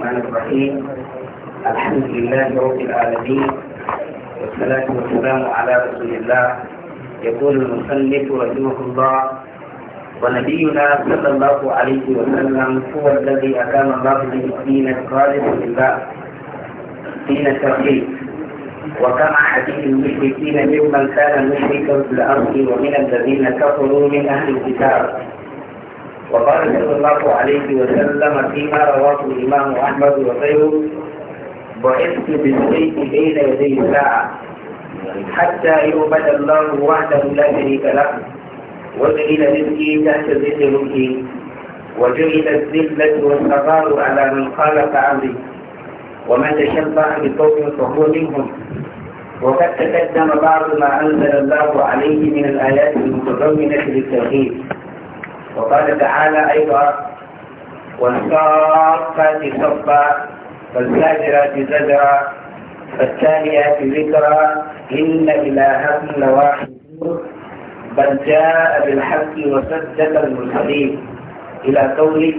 الرحمن الرحيم الحمد لله رب العالمين والصلاة والسلام على رسول الله يقول المصنف رحمه الله ونبينا صلى الله عليه وسلم هو الذي أقام الله به الدين الخالص لله دين التوحيد وكما حديث المشركين ممن كان مشركا في الأرض ومن الذين كفروا من أهل الكتاب وقال صلى الله عليه وسلم فيما رواه الإمام أحمد وغيره بعثت بالبيت بين يدي الساعة حتى يعبد الله وحده لا شريك له وجعل رزقي تحت ذل ملكي وجعل الذلة والصغار على من خالف أمري ومن تشبه بقوم فهو منهم وقد تقدم بعض ما أنزل الله عليه من الآيات المتضمنة للتوحيد وقال تعالى أيضا والصافات صفا فالزاجرات زجرا فالتاليات ذكرا إن إلهكم لواحد بل جاء بالحق وصدق المرسلين إلى قوله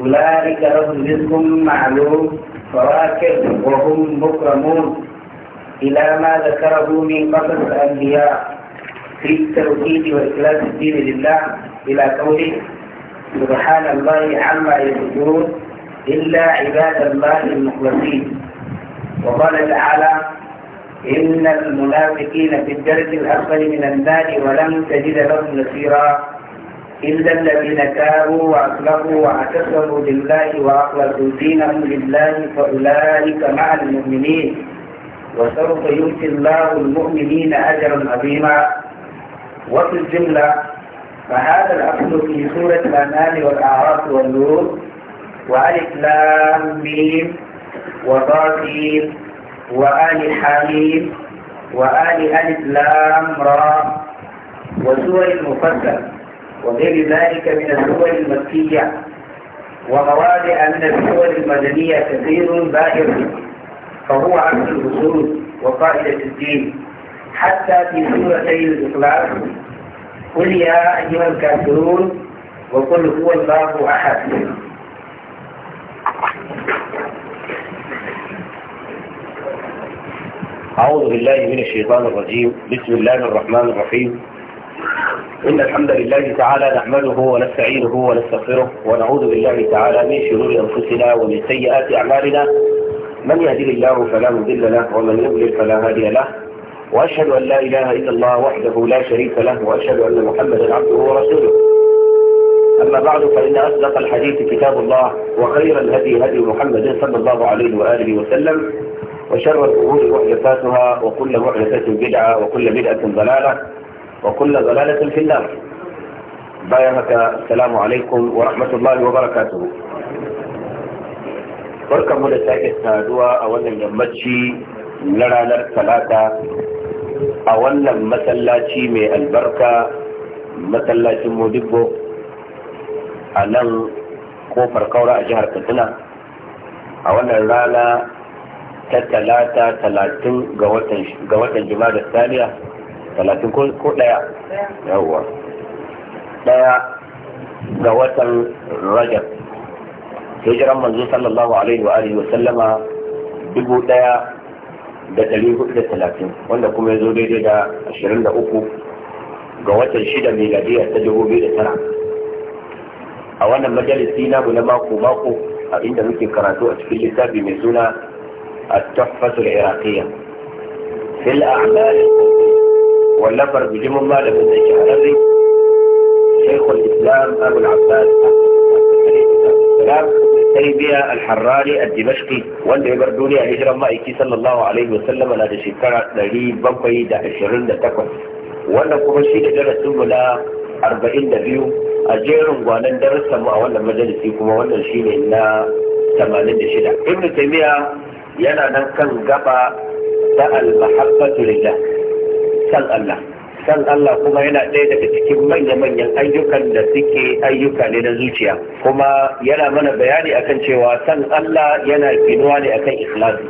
أولئك لهم رزق معلوم فواكب وهم مكرمون إلى ما ذكره من قصص الأنبياء في التوحيد وإخلاص الدين لله إلى قوله سبحان الله عما يذكرون إلا عباد الله المخلصين وقال تعالى إن المنافقين في الدرج الأسفل من النار ولن تجد لهم نصيرا إلا الذين تابوا وأصلحوا واعتصموا بالله وأخلصوا دينهم لله فأولئك مع المؤمنين وسوف يؤتي الله المؤمنين أجرا عظيما وفي الجملة فهذا الأصل في سورة الأنان والأعراف والنور وألف لام ميم وطاسيم وآل حميم وآل ألف لام را وسور المفصل وغير ذلك من السور المكية ومواضع من السور المدنية كثير باهر فهو عبد الأصول وقاعدة الدين حتى في سورتي الإخلاص قل يا أيها الكافرون وقل هو الله أحد أعوذ بالله من الشيطان الرجيم بسم الله الرحمن الرحيم إن الحمد لله تعالى نحمده ونستعينه ونستغفره ونعوذ بالله تعالى من شرور أنفسنا ومن سيئات أعمالنا من يهدي الله فلا مضل له ومن يضلل فلا هادي له وأشهد أن لا إله إلا الله وحده لا شريك له وأشهد أن محمدا عبده ورسوله أما بعد فإن أصدق الحديث كتاب الله وخير الهدي هدي محمد صلى الله عليه وآله وسلم وشر الأمور محدثاتها وكل محدثة بدعة وكل بدعة ضلالة وكل ضلالة في النار بايعك السلام عليكم ورحمة الله وبركاته barkanmu da sake saduwa a wannan yammaci na ranar talata a wannan masallaci mai albarka masallacin modibbo a nan kofar kaura a jihar katsina a wannan rana ta talata talatin ga watan jima'a da saniya talatin ko daya yawwa daya ga watan rajab hijiran manzo sallallahu alaihi wa wa sallama dubu daya da ɗari hudu da talatin wanda kuma ya zo daidai da ashirin da uku ga watan shida miladiyar ta dubu biyu da tara a wannan majalisi namu na mako mako a inda muke karatu a cikin littafi mai suna a tafasul iraqiyya fil a'mal wallafar bijimin malamin da harari shaykhul islam abul abbas abdul taibiya al-harrani a dimashqi wanda ya bar duniya hijiran ma'aiki sallallahu alaihi wasallam na da shekara ɗari da da ashirin takwas, wannan kuma shi da darasin arba'in da biyu a jerin gwanan darasin mu a wannan majalisi kuma wannan shine na tamanin da shida. ibnu taymiya yana nan kan gaba ta al-mahabbatu lillah san Allah san Allah kuma yana ɗaya daga cikin manya-manyan ayyukan da suke ayyuka ne na zuciya kuma yana mana bayani akan cewa san Allah yana ginuwa ne akan ikhlasi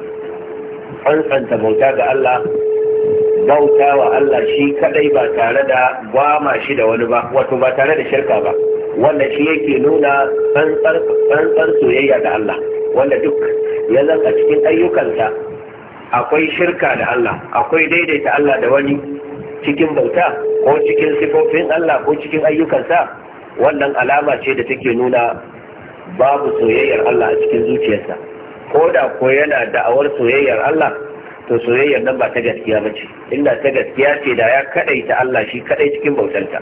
tsantsanta bauta ga Allah bauta wa Allah shi kadai ba tare da gwama shi da wani ba wato ba tare da shirka ba wanda shi yake nuna tsantsar soyayya da Allah wanda duk ya zaka cikin ayyukansa akwai shirka da Allah akwai daidaita Allah da wani cikin bauta ko cikin sifofin Allah ko cikin ayyukansa wannan alama ce da take nuna babu soyayyar Allah a cikin zuciyarsa ko da ko yana da'awar soyayyar Allah to soyayyar nan ba ta gaskiya ba ce inda ta gaskiya ce da ya kadaita Allah shi kadai cikin bautarta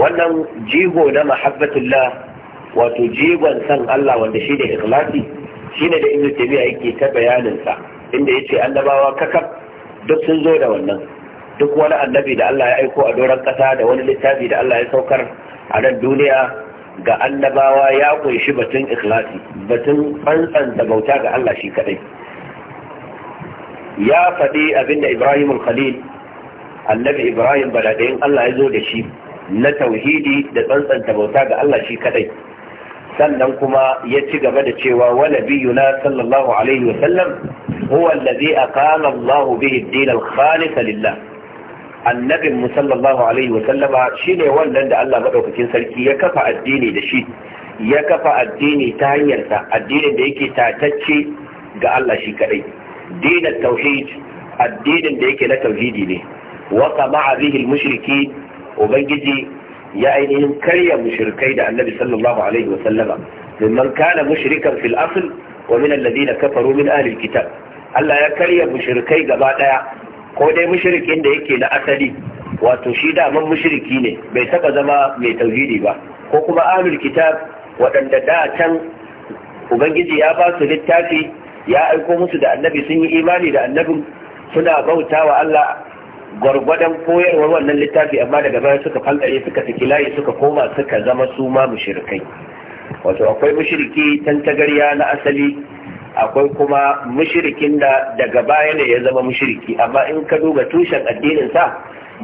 wannan jigo na mahabbatullah wato jigon san Allah wanda shi da ikhlasi shine da ibnu tabi'a yake ta bayanin sa inda yace annabawa kakaf duk sun zo da wannan duk wani annabi da Allah ya aiko a doron ƙasa da wani littafi da Allah ya saukar a nan duniya ga annabawa ya kunshi batun ikhlasi batun tsantsanta bauta ga Allah shi kadai ya faɗi abinda Ibrahim Khalil annabi Ibrahim baladayin Allah ya zo da shi na tauhidi da tsantsanta bauta ga Allah shi kadai sannan kuma ya ci gaba da cewa wa nabiyuna sallallahu alaihi wa sallam huwa allazi aqama Allah bihi ad-din al-khalis lillah annabin mu sallallahu alaihi wa sallama shine wannan da Allah madaukakin sarki ya kafa addini da shi ya kafa addini ta hanyar sa addinin da yake tatacce ga Allah shi kadai dinin tauhid addinin da yake na tauhidi ne wa qama'a bihi al-mushriki ubangiji ya ainihin karya mushrikai da annabi sallallahu alaihi wa sallama mimman kana mushrikan fil asl wa min alladhina kafaru min ahli al Allah ya karya mushrikai gaba daya ko dai mushirikin da yake na asali wato shi da daman mushriki ne bai taba zama mai tauhidi ba ko kuma ahlul kitab waɗanda da can ubangiji ya ba su littafi ya aiko musu da annabi sun yi imani da annabin suna bauta wa Allah gwargwadon koyarwar wannan littafi amma daga baya suka fankare suka saki layi suka koma suka zama su ma mushrikai wato akwai mushriki tantagarya na asali akwai kuma mushirikin da daga baya ne ya zama mushiriki amma in ka duba tushen addininsa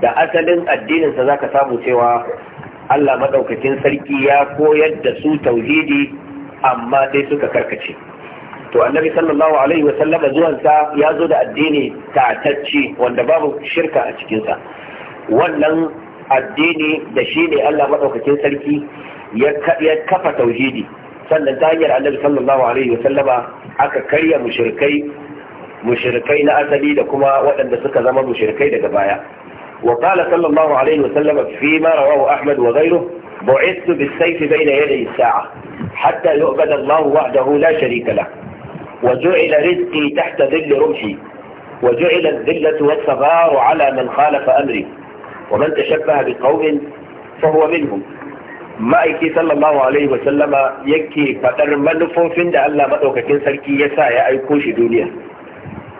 da asalin addininsa za ka samu cewa Allah maɗaukakin sarki ya koyar da su tauhidi amma dai suka karkace to annabi sallallahu alaihi wa sallama zuwansa ya zo da addini tatacci wanda babu shirka a cikinsa wannan addini da shi ne Allah maɗaukakin sarki ya kafa tauhidi sannan ta hanyar annabi sallallahu alaihi wa sallama aka karya mushrikai mushrikai na asali da kuma waɗanda suka zama mushrikai daga baya wa qala sallallahu alaihi wa sallama fi ma rawahu ahmad wa ghayruhu bu'ithu bis-sayf bayna yaday as-sa'a hatta yu'bada Allah wahdahu la sharika lah wa ju'ila rizqi tahta dhilli rumhi wa ju'ila adh-dhillatu was-sagharu ala man khalafa amri ومن تشبه بقوم فهو منهم ma'aiki sallallahu alaihi wa sallama yake faɗar manufofin da Allah maɗaukakin sarki ya sa ya aiko shi duniya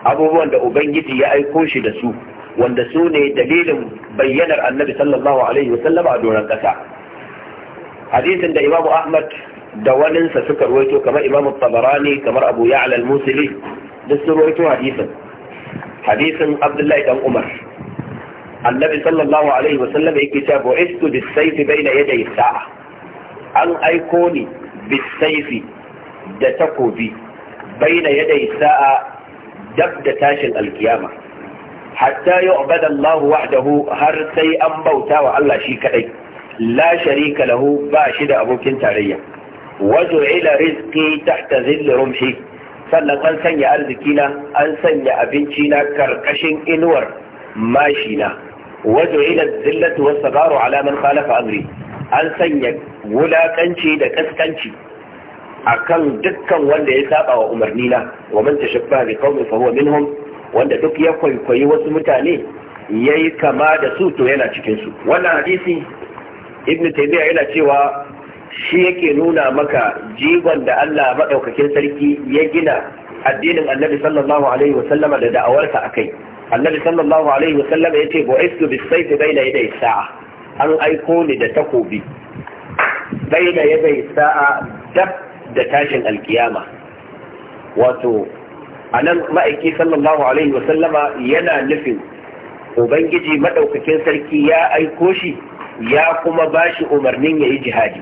abubuwan da ubangiji ya aiko shi da su wanda su ne dalilin bayyanar annabi sallallahu alaihi wa sallama a doron ƙasa hadisin da imamu ahmad da waninsa suka ruwaito kamar imamu tabarani kamar abu ya'la al duk sun ruwaito hadisin hadisin abdullahi dan umar annabi sallallahu alaihi wasallam yake cewa bu'istu bis-sayfi baina yaday sa'a an aiko ni bis da takobi baina yaday sa'a dab da tashin alkiyama hatta yu'bada Allah wahdahu har sai an bauta wa Allah shi kadai la sharika lahu ba shi da abokin tarayya waju'ila rizqi tahta zilli rumhi sannan an sanya arzikina an sanya abincina karkashin inuwar mashina وجعل الذلة والصغار على من خالف أمري an sanya wulaƙanci da kaskanci akan dukkan wanda ya saba wa umarnina wa man tashabbaha bi qaumin fa huwa wanda duk ya kwaikwayi wasu mutane yayi kama da su to yana cikinsu. su wannan hadisi ibn taymiya yana cewa shi yake nuna maka jigon da Allah madaukakin sarki ya gina addinin annabi sallallahu alaihi wa sallama da da'awarsa a kai annabi sallallahu alaihi wa sallama yace bu'istu bis-sayfi bayna yaday sa'a an aiko ni da takobi bayna yaday sa'a dab da tashin alkiyama wato anan ma'aiki sallallahu alaihi wa sallama yana nufin ubangiji madaukakin sarki ya aiko shi ya kuma bashi umarnin yayi jihadi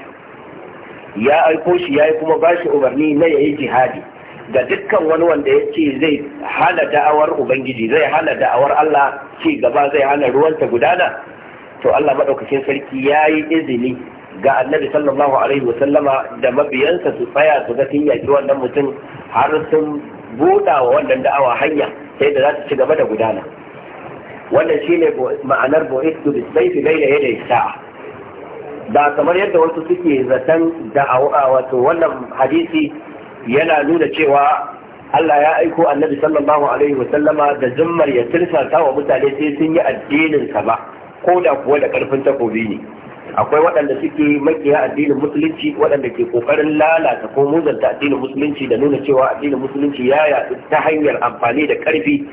ya aiko shi ya kuma bashi umarni na yayi jihadi ga dukkan wani wanda ya ce zai hana da'awar ubangiji zai hana da'awar Allah ci gaba zai hana ruwanta gudana to Allah maɗaukakin sarki ya yi izini ga annabi sallallahu alaihi wasallama da mabiyansa su tsaya su ga sun wannan mutum har sun buɗa wa wannan da'awa hanya sai da za su ci gaba da gudana wannan shine ma'anar bo'istu bisaifi yadda ya sa'a ba kamar yadda wasu suke zaton da'awa wato wannan hadisi yana nuna cewa Allah ya aiko annabi sallallahu alaihi wasallama da zummar ya tirsasa wa mutane sai sun yi addinin sa ba ko da kuwa da karfin takobi ne akwai waɗanda suke makiya addinin musulunci waɗanda ke kokarin lalata ko muzanta addinin musulunci da nuna cewa addinin musulunci ya yaɗu ta hanyar amfani da karfi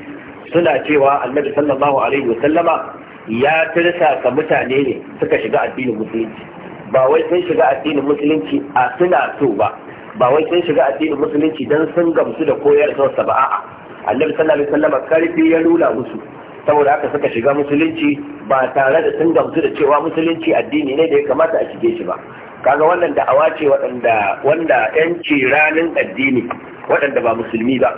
suna cewa annabi sallallahu alaihi wasallama ya tirsasa mutane ne suka shiga addinin musulunci ba wai sun shiga addinin musulunci a suna so ba ba wai sun shiga addinin musulunci dan sun gamsu da koyar sa ba a'a annabi sallallahu alaihi wasallam karfi ya lula musu saboda haka suka shiga musulunci ba tare da sun gamsu da cewa musulunci addini ne da ya kamata a shige shi ba kaga wannan da'awa ce waɗanda wanda yanci ranin addini waɗanda ba musulmi ba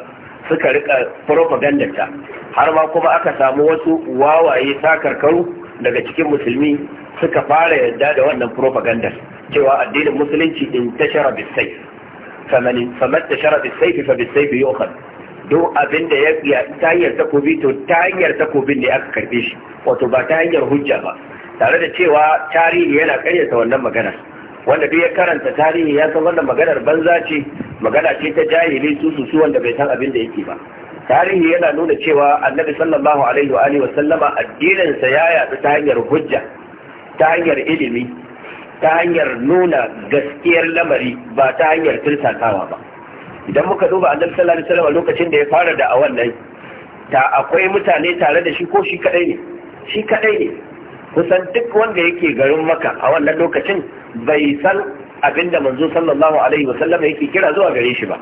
suka rika propaganda ta har ma kuma aka samu wasu wawaye sakarkaru daga cikin musulmi suka fara yadda da wannan propaganda cewa addinin musulunci din tashara bisai faman famatta shara bi saifi fa bi saifi abin da ya ta hanyar takobi to ta hanyar takobin ne aka karbe shi wato ba ta hanyar hujja ba tare da cewa tarihi yana karyata wannan magana wanda duk ya karanta tarihi ya san wannan maganar banza ce magana ce ta jahili su wanda bai san abin da yake ba tarihi yana nuna cewa annabi sallallahu alaihi wa alihi wa sallama addinin sa ya yadu ta hanyar hujja ta hanyar ilimi ta hanyar nuna gaskiyar lamari ba ta hanyar tirsatawa ba idan muka duba annabi sallallahu alaihi wasallam lokacin da ya fara da a wannan, ta akwai mutane tare da shi ko shi kadai ne shi kadai ne kusan duk wanda yake garin maka a wannan lokacin bai san abin da manzo sallallahu alaihi wasallam yake kira zuwa gare shi ba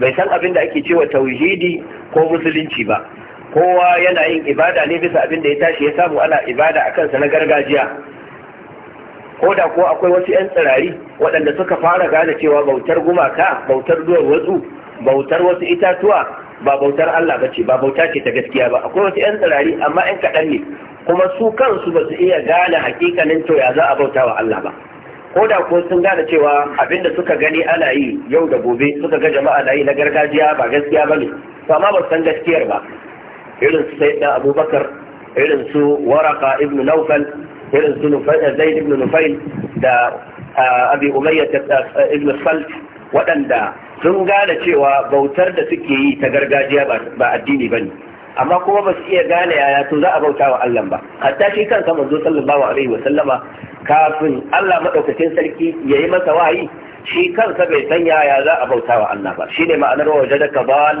bai san abin da ake cewa tauhidi ko musulunci ba kowa yana yin ibada ne bisa abin da ya tashi ya samu ana ibada a sa na gargajiya ko da ko akwai wasu 'yan tsirari waɗanda suka fara gane cewa bautar gumaka bautar duwar wasu bautar wasu itatuwa ba bautar Allah ba ce ba bauta ce ta gaskiya ba akwai wasu 'yan tsirari amma 'yan kaɗan ne kuma su kansu ba su iya gane hakikanin to ya za a bauta wa Allah ba ko da ko sun gane cewa abinda suka gani ana yi yau da gobe suka ga jama'a na yi na gargajiya ba gaskiya ba ne to amma ba san gaskiyar ba irin su sai abubakar irin su waraka ibnu naufal irin su zaid ibn nufail da abi umayya ibn salt waɗanda sun gane cewa bautar da suke yi ta gargajiya ba addini ba ne amma kuma ba su iya gane yaya to za a bauta wa Allah ba hatta shi kansa manzo sallallahu alaihi wa sallama kafin Allah madaukakin sarki ya yi masa wahayi shi kansa bai san yaya za a bauta wa Allah ba shine ma'anar wajadaka ba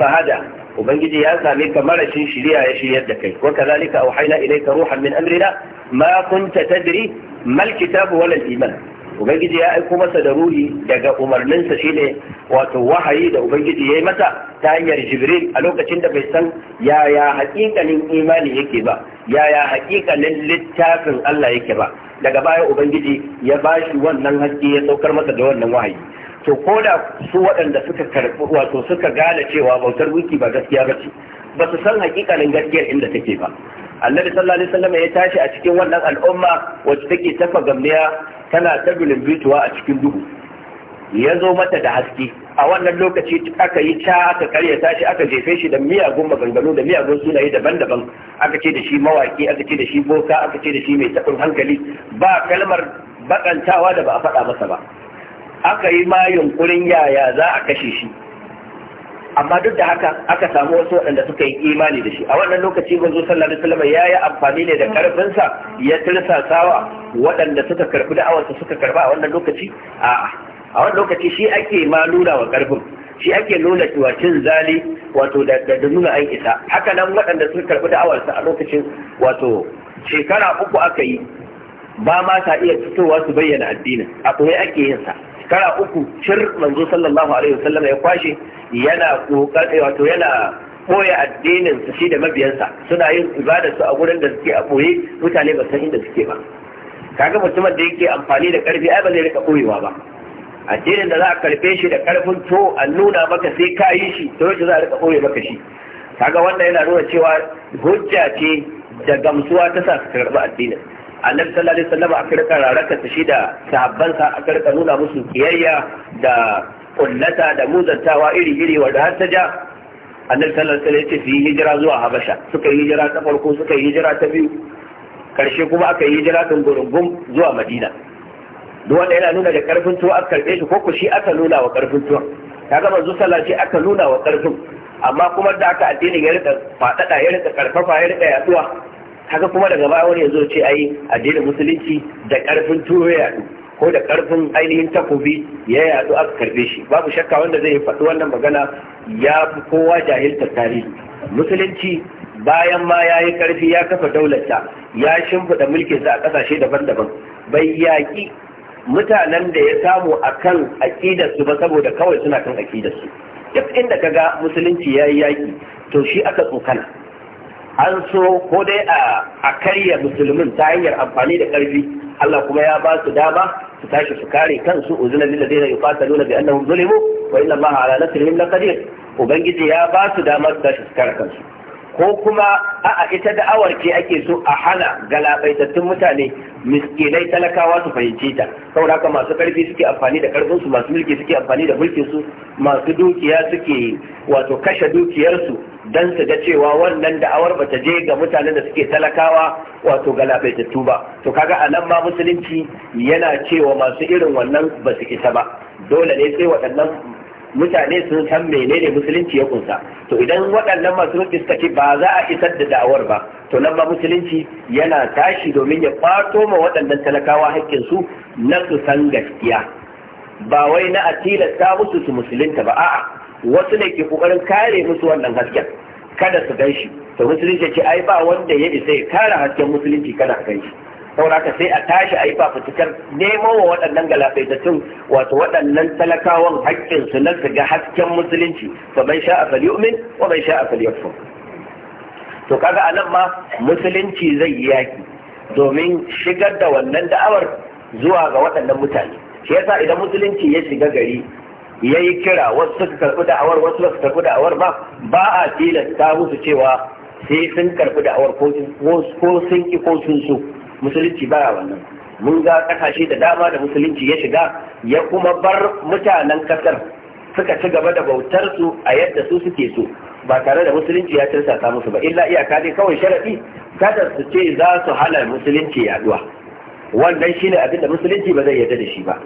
fahada ubangiji ya same ka marashin shiriya ya shiryar da kai wa kazalika auhayna ilayka ruhan min amrina ma kunta tadri mal kitabu wal iman ubangiji ya aiko masa da ruhi daga umarninsa shine wato wahayi da ubangiji ya yi masa ta hanyar jibril a lokacin da bai san yaya haƙiƙanin imani yake ba yaya haƙiƙanin littafin Allah yake ba daga baya ubangiji ya bashi wannan haƙƙi ya saukar masa da wannan wahayi to ko da su waɗanda suka karɓi wato suka gane cewa bautar wiki ba gaskiya ba ce ba su san hakikanin gaskiyar inda take ba annabi sallallahu alaihi wasallam ya tashi a cikin wannan al'umma wacce take tafa gamniya tana ta bituwa a cikin duhu ya zo mata da haske a wannan lokaci aka yi ta aka karya tashi aka jefe shi da miyagun maganganu da miyagun sunaye daban-daban aka ce da shi mawaki aka ce da shi boka aka ce da shi mai taɓin hankali ba kalmar bakantawa da ba a faɗa masa ba aka yi ma yunkurin yaya za a kashe shi amma duk da haka aka samu wasu waɗanda suka yi imani da shi a wannan lokaci manzo sallallahu alaihi wasallam ya yi amfani ne da karfinsa ya tursa sawa waɗanda suka karbi da'awarsa suka karba a wannan lokaci a a wannan lokaci shi ake ma nuna wa karfin shi ake nuna cewa cin zali wato da da nuna an isa haka nan waɗanda suka karbi da'awarsa a lokacin wato shekara uku aka yi ba ma sa iya fitowa su bayyana addinin a ake yin sa shekara uku shir manzo sallallahu alaihi wasallam ya kwashe yana kokar eh, wato yana boye addinin su shi da mabiyansa suna yin ibada su a gurin da suke a boye mutane ba san inda suke ba kaga mutumin da yake amfani da karfi ai ba zai rika boyewa ba addinin da za a karfe shi da karfin to a nuna maka sai ka yi shi to yace za a rika boye maka shi kaga wannan yana nuna cewa hujja ce da gamsuwa ta sa su karɓi addinin annabi sallallahu alaihi wasallam aka rika raraka ta shi da sa aka rika nuna musu kiyayya da kullata da muzantawa iri-iri wanda har ta ja annabi sallallahu alaihi wasallam ya ce su yi hijira zuwa habasha suka yi hijira ta farko suka yi hijira ta biyu karshe kuma aka yi hijira gurgum zuwa madina duk wanda yana nuna da karfin tuwa aka karbe shi ko shi aka nuna wa karfin tuwa kaga manzo sallallahu alaihi aka nuna wa karfin amma kuma da aka addinin ya rika fadada ya rika karfafa ya rika yaduwa haka kuma daga baya wani ya ce ai addinin musulunci da karfin turo yadu ko da karfin ainihin takobi ya yadu aka karbe shi babu shakka wanda zai faɗi wannan magana ya fi kowa jahilta tarihi musulunci bayan ma ya yi karfi ya kafa daularta ya shimfiɗa mulkinsa a ƙasashe daban-daban bai yaƙi mutanen da ya samu a kan aƙidarsu ba saboda kawai suna kan aƙidarsu duk inda ka ga musulunci ya yi yaƙi to shi aka tsokana an so ko dai a karya musulmin ta hanyar amfani da karfi Allah kuma ya ba su dama su tashi su kare kansu uzuna da ladina yuqataluna bi annahum zulimu wa inna na ala nasrihim laqadir ubangiji ya ba su dama su tashi su kare kansu ko kuma a'a ita da'awar ce ake so a hana galabaitattun mutane miskinai talakawa su fahimci ta saboda haka masu karfi suke amfani da karfin su masu mulki suke amfani da mulkin su masu dukiya suke wato kashe dukiyar su dan su ga cewa wannan da'awar bata je ga mutanen da suke talakawa wato galabaitattu ba to kaga anan ma musulunci yana cewa masu irin wannan ba su isa ba dole ne sai waɗannan mutane sun san menene musulunci ya kunsa to idan waɗannan masu rufi suka ce ba za a isar da da'awar ba to nan ba musulunci yana tashi domin ya kwato ma waɗannan talakawa haƙƙinsu na su san gaskiya ba wai na a tilasta musu su musulunta ba a'a wasu ne ke ƙoƙarin kare musu wannan hasken kada su gan shi to musulunci ce ai ba wanda ya isa ya kare hasken musulunci kada a gan shi sauraka sai a tashi a yi fafutukar nemo wa waɗannan galabaitattun wato waɗannan talakawan haƙƙinsu na su ga hasken musulunci fa mai sha a umin, wa mai sha a falyakfur to kaga a nan ma musulunci zai yi yaki domin shigar da wannan da'awar zuwa ga waɗannan mutane shi yasa idan musulunci ya shiga gari ya yi kira wasu suka karɓi da'awar wasu ba su karɓi da'awar ba ba a tilasta musu cewa sai sun karɓi da'awar ko sun ki ko sun so musulunci baya wannan mun ga kasashe da dama da musulunci ya shiga ya kuma bar mutanen kasar suka ci gaba da bautar su a yadda su suke so ba tare da musulunci ya tirsasa musu ba illa iyaka dai kawai sharadi kada su ce za su hana musulunci yaduwa wannan shine abin da musulunci ba zai yarda da shi ba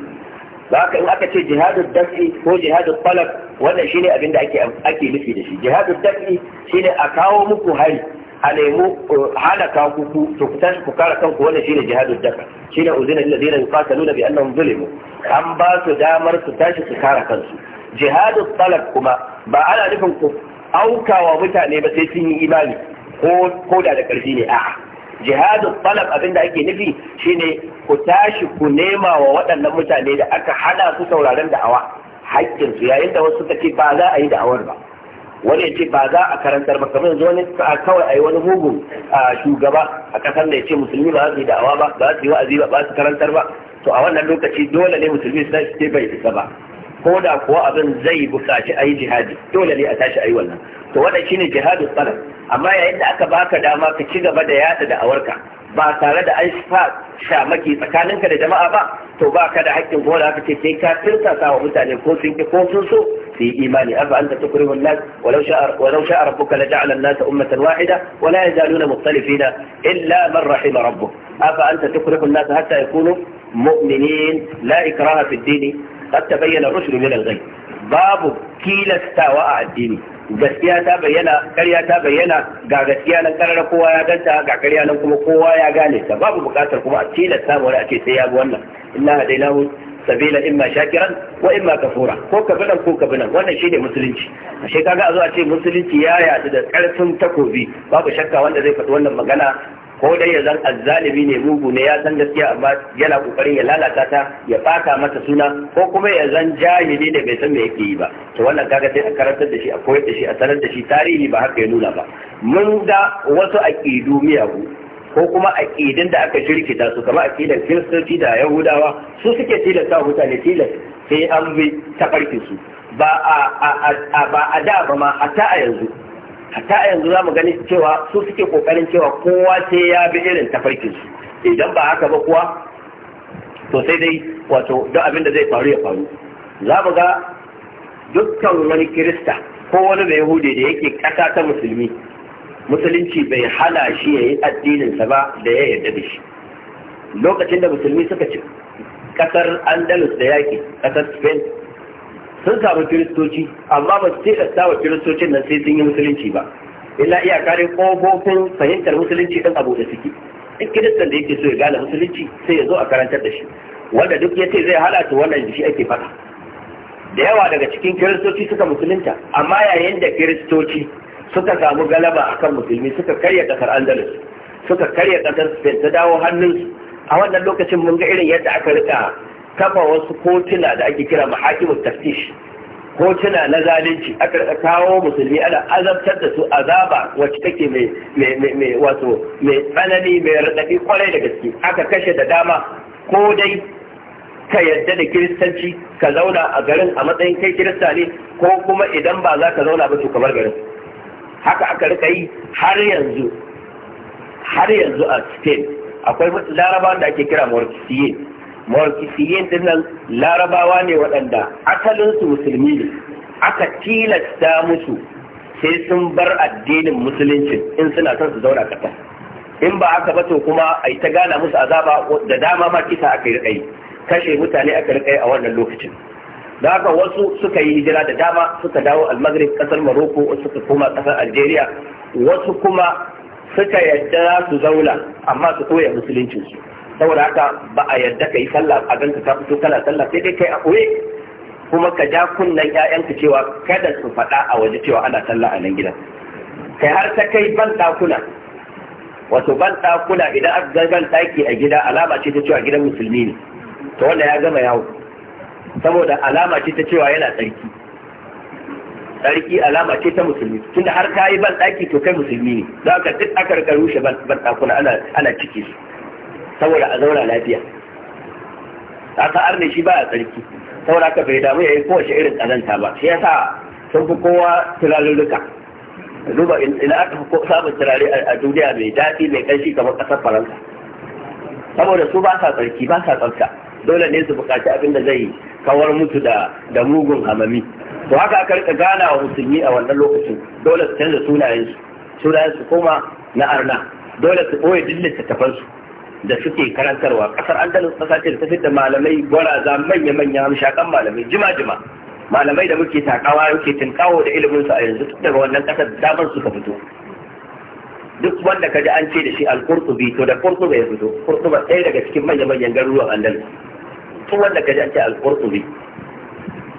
ba ka in aka ce jihadu dafi ko jihadu talab wannan shine abin da ake ake nufi da shi jihadu dafi shine a kawo muku hari a nemi halaka ku to ku tashi ku kare kanku wannan shine jihadul daka shine uzina lil ladina bi annahum zulimu an ba su damar su tashi su kare kansu jihadul talab kuma ba ana nufin ku aukawa mutane ba sai sun yi imani ko ko da da karfi ne a'a jihadul talab abinda ake nufi shine ku tashi ku nema wa waɗannan mutane da aka hana su sauraron da'awa haƙƙinsu yayin da wasu suka ce ba za a yi da'awar ba wani ya ce ba za a karantar ba kamar yanzu wani kawai a yi wani mugun shugaba a kasar da ya ce musulmi ba za su yi da'awa ba ba su yi wa'azi ba ba su karantar ba to a wannan lokaci dole ne musulmi su tashi bai isa ba ko da kuwa abin zai buƙaci a yi jihadi dole ne a tashi a yi wannan to wannan shine jihadi tsara amma yayin da aka baka dama ka ci gaba da yada da'awarka ba tare da an sa shamaki tsakaninka da jama'a ba to ba ka da haƙƙin ko da aka ce sai ka tirsasa wa mutane ko sun ki ko sun so في إيمان أف أنت تكره الناس ولو شاء, ولو شاء ربك لجعل الناس أمة واحدة ولا يزالون مختلفين إلا من رحم ربه أف أنت تكره الناس حتى يكونوا مؤمنين لا إكراه في الدين قد تبين الرشد من الغي باب كيل استواء الدين gaskiya ta bayyana ƙarya ta bayyana ga gaskiya nan ƙarar kowa ya ganta ga ƙarya nan kuma kowa ya gane ta babu buƙatar kuma sabila imma shakiran wa imma kafura ko kabilan ko wannan shine musulunci ashe kaga a zo a ce musulunci ya yadu da karfin takobi babu shakka wanda zai faɗi wannan magana ko dai ya zan azzalimi ne mugu ne ya san gaskiya amma yana kokarin ya lalata ta ya baka mata suna ko kuma ya zan jahili ne bai san me yake yi ba to wannan kaga sai a karantar da shi a koyar da shi a sanar da shi tarihi ba haka ya nuna ba mun ga wasu aqidu miyagu ko kuma aƙidin da aka jirkita su kamar aƙidar kiristoci da yahudawa su suke tilasta mutane tilas sai an bi tafarkin su ba a da ba ma a a yanzu hata a yanzu za mu gani cewa su suke kokarin cewa kowa sai ya bi irin tafarkin su idan ba haka ba kuwa to sai dai wato duk abin da zai faru ya faru za mu ga dukkan wani kirista ko wani mai yahudi da yake ƙasa ta musulmi musulunci bai hana shi ya yi addininsa ba da ya yarda da shi lokacin da musulmi suka ci kasar andalus da yaƙi kasar spain sun samu kiristoci amma ba su tilasta kiristocin nan sai sun yi musulunci ba illa iya kare kofofin fahimtar musulunci ɗin abu da suke duk kiristan da yake so ya gane musulunci sai ya zo a karantar da shi wanda duk ya ce zai halata wannan shi ake faɗa da yawa daga cikin kiristoci suka musulunta amma yayin da kiristoci suka samu galaba akan musulmi suka karya kasar andalus suka karya kasar spain ta dawo hannunsu a wannan lokacin mun ga irin yadda aka rika kafa wasu kotuna da ake kira mahakimun taftish kotuna na zalunci aka rika kawo musulmi ana azabtar da su azaba wacce take mai mai wato mai tsanani mai raɗaɗi kwarai da gaske aka kashe da dama ko dai ka yadda da kiristanci ka zauna a garin a matsayin kai kirista ne ko kuma idan ba za ka zauna ba to garin haka aka rika yi har yanzu har yanzu a spain akwai larabawa da ake kira morkisiyin din nan larabawa ne waɗanda asalinsu musulmi ne aka tilasta musu sai sun bar addinin musulunci in suna son su zauna ƙasa in ba aka ba to kuma a ta gana musu azaba da dama ma kisa aka yi kashe mutane aka yi a wannan lokacin da haka wasu suka yi hijira da dama suka dawo almaghrib kasar maroko wasu suka koma kasar algeria wasu kuma suka yadda su zauna amma su koya musuluncinsu saboda haka ba a yadda ka yi sallah a ganka ka fito kana sallah sai dai kai a koye kuma ka ja kunnen ƴaƴanka cewa kada su faɗa a waje cewa ana sallah a nan gidan kai har ta kai ban ɗakuna wato ban ɗakuna idan aka ga ban ɗaki a gida alama ce ta cewa gidan musulmi ne to wanda ya gama yawo saboda alama ce ta cewa yana tsarki tsarki alama ce ta musulmi tunda har ka yi ban ɗaki to kai musulmi ne za ka duk aka rika rushe ban ɗakuna ana ciki su saboda a zaura lafiya A sa'ar ne shi ba a tsarki saboda ka bai damu ya yi kowace irin ƙazanta ba shi yasa sun fi kowa turarurruka duba ina aka fi samun turare a duniya mai daɗi mai ƙarshi kamar ƙasar faransa saboda su ba sa tsarki ba sa tsarka dole ne su bukaci abin da zai kawar mutu da da mugun hamami to haka aka rika gana wa musulmi a wannan lokacin dole su canza sunayensu sunayensu koma na arna dole su ɓoye duk su da suke karantarwa kasar andalus kasa ce da ta da malamai gwaraza manya-manya mushakan malamai jima-jima malamai da muke takawa yake tinkawo da ilimin su a yanzu daga wannan kasar damar ka fito duk wanda kaji an ce da shi al-qurtubi to da qurtuba ya fito qurtuba ɗaya daga cikin manya-manyan garuruwan andalus duk wanda kaji an ce al-qurtubi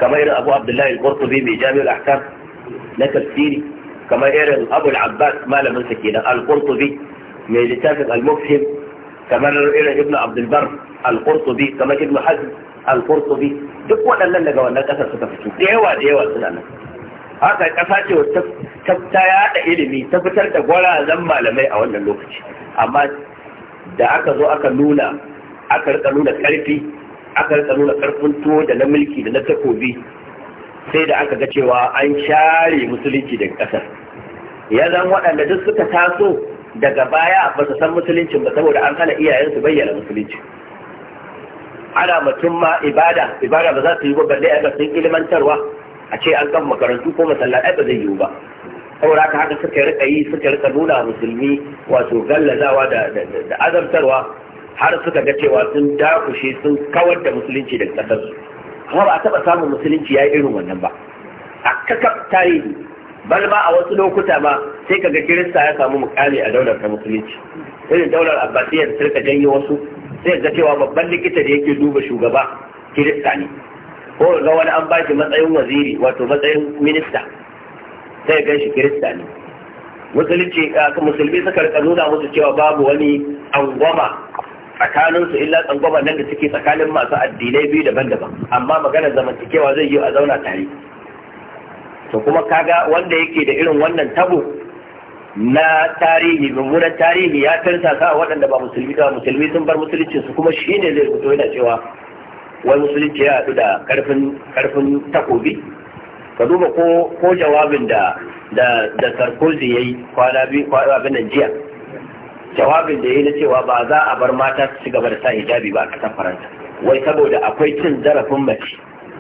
kamar irin abu abdullahi al-qurtubi mai jami'ul ahkam na tafsiri kamar irin abu al abbas malamin sa kenan al-qurtubi mai littafin al-mufhim kamar irin ibnu abdul bar al-qurtubi kamar ibnu hazm al-qurtubi duk waɗannan daga wannan ƙasar suka fito da yawa da yawa suna nan haka ƙasa ce wacce ta yada ilimi ta fitar da gwarazan malamai a wannan lokaci amma da aka zo aka nuna aka rika nuna karfi aka rika nuna karfin tuwo da na mulki da na takobi sai da aka ga cewa an share musulunci daga kasar ya zan waɗanda duk suka taso daga baya ba su san musuluncin ba saboda an hana iyayensu bayyana musulunci ana mutum ma ibada ibada ba za su yi ba balle a sun ilmantarwa a ce an kan makarantu ko masallatai ba zai yiwu ba saboda haka haka suka rika yi suka rika nuna musulmi wato gallazawa da azabtarwa har suka ga cewa sun dakushe sun kawar da musulunci daga kasar su kuma ba a taba samun musulunci ya yi irin wannan ba a kakaf tarihi bal ma a wasu lokuta ma sai kaga kirista ya samu mukami a daular ta musulunci irin daular abbasiyya da suka janyo wasu sai ga cewa babban likita da yake duba shugaba kirista ne ko ga wani an ba shi matsayin waziri wato matsayin minista sai gan shi kirista ne musulunci musulmi suka rika nuna musu cewa babu wani angwama tsakanin su illa tsangwama nan da suke tsakanin masu addinai biyu daban-daban amma maganar zamantakewa zai yi a zauna tare to kuma kaga wanda yake da irin wannan tabo na tarihi mummunan tarihi ya tarsa sa waɗanda ba musulmi ba musulmi sun bar musulunci su kuma shi ne zai fito yana cewa wai musulunci ya haɗu da karfin takobi ka duba ko jawabin da da sarkozi Sarkozy yi kwana biyu abin nan jiya jawabin da ya na cewa ba za a bar mata su ci gaba da sa hijabi ba a kasar Faransa wai saboda akwai cin zarafin mace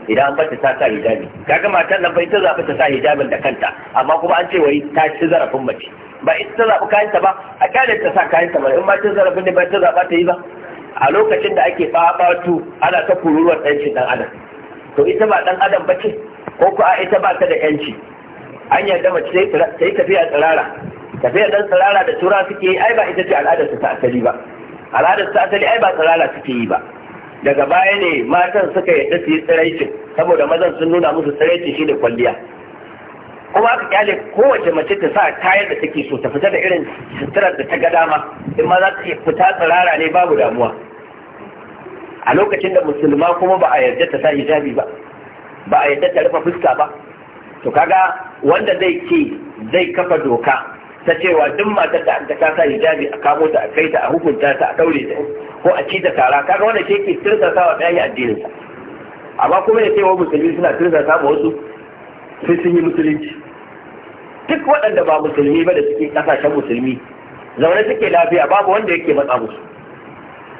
idan an bata ta sa hijabi kaga matan nan bai ta zaɓi ta sa hijabin da kanta amma kuma an ce wai ta ci zarafin mace ba ita ta zaɓi kayanta ba a kyale ta sa kayanta ba in ma cin zarafin ne ba ta zaɓa ta yi ba a lokacin da ake fafatu ana ta kururuwar ɗancin ɗan adam to ita ba ɗan adam ba ce ko ku a ita ba ta da yanci an yarda mace ta yi tafiya tsirara tafiya dan tsirara da tura suke yi ai ba ita ce al'adar ta asali ba al'adar ta asali ai ba tsirara suke yi ba daga baya ne matan suka yarda su yi tsiraicin saboda mazan sun nuna musu tsiraicin shi da kwalliya kuma aka kyale kowace mace ta sa kayan da take so ta fita da irin suturar da ta ga dama in ma za ta fita tsirara ne babu damuwa a lokacin da musulma kuma ba a yarda ta sa hijabi ba ba a yadda ta rufe fuska ba to kaga wanda zai ce zai kafa doka ta cewa duk matar da ta kasa hijabi a kamo ta a kai ta a hukunta ta a daure ta ko a ci ta tara kaga wanda ke ke tirsasa wa ɗaya addinin sa amma kuma ya ce wa musulmi suna tirsasa ma wasu sai sun yi musulunci duk waɗanda ba musulmi ba da suke ƙasashen musulmi zaune suke lafiya babu wanda yake matsa musu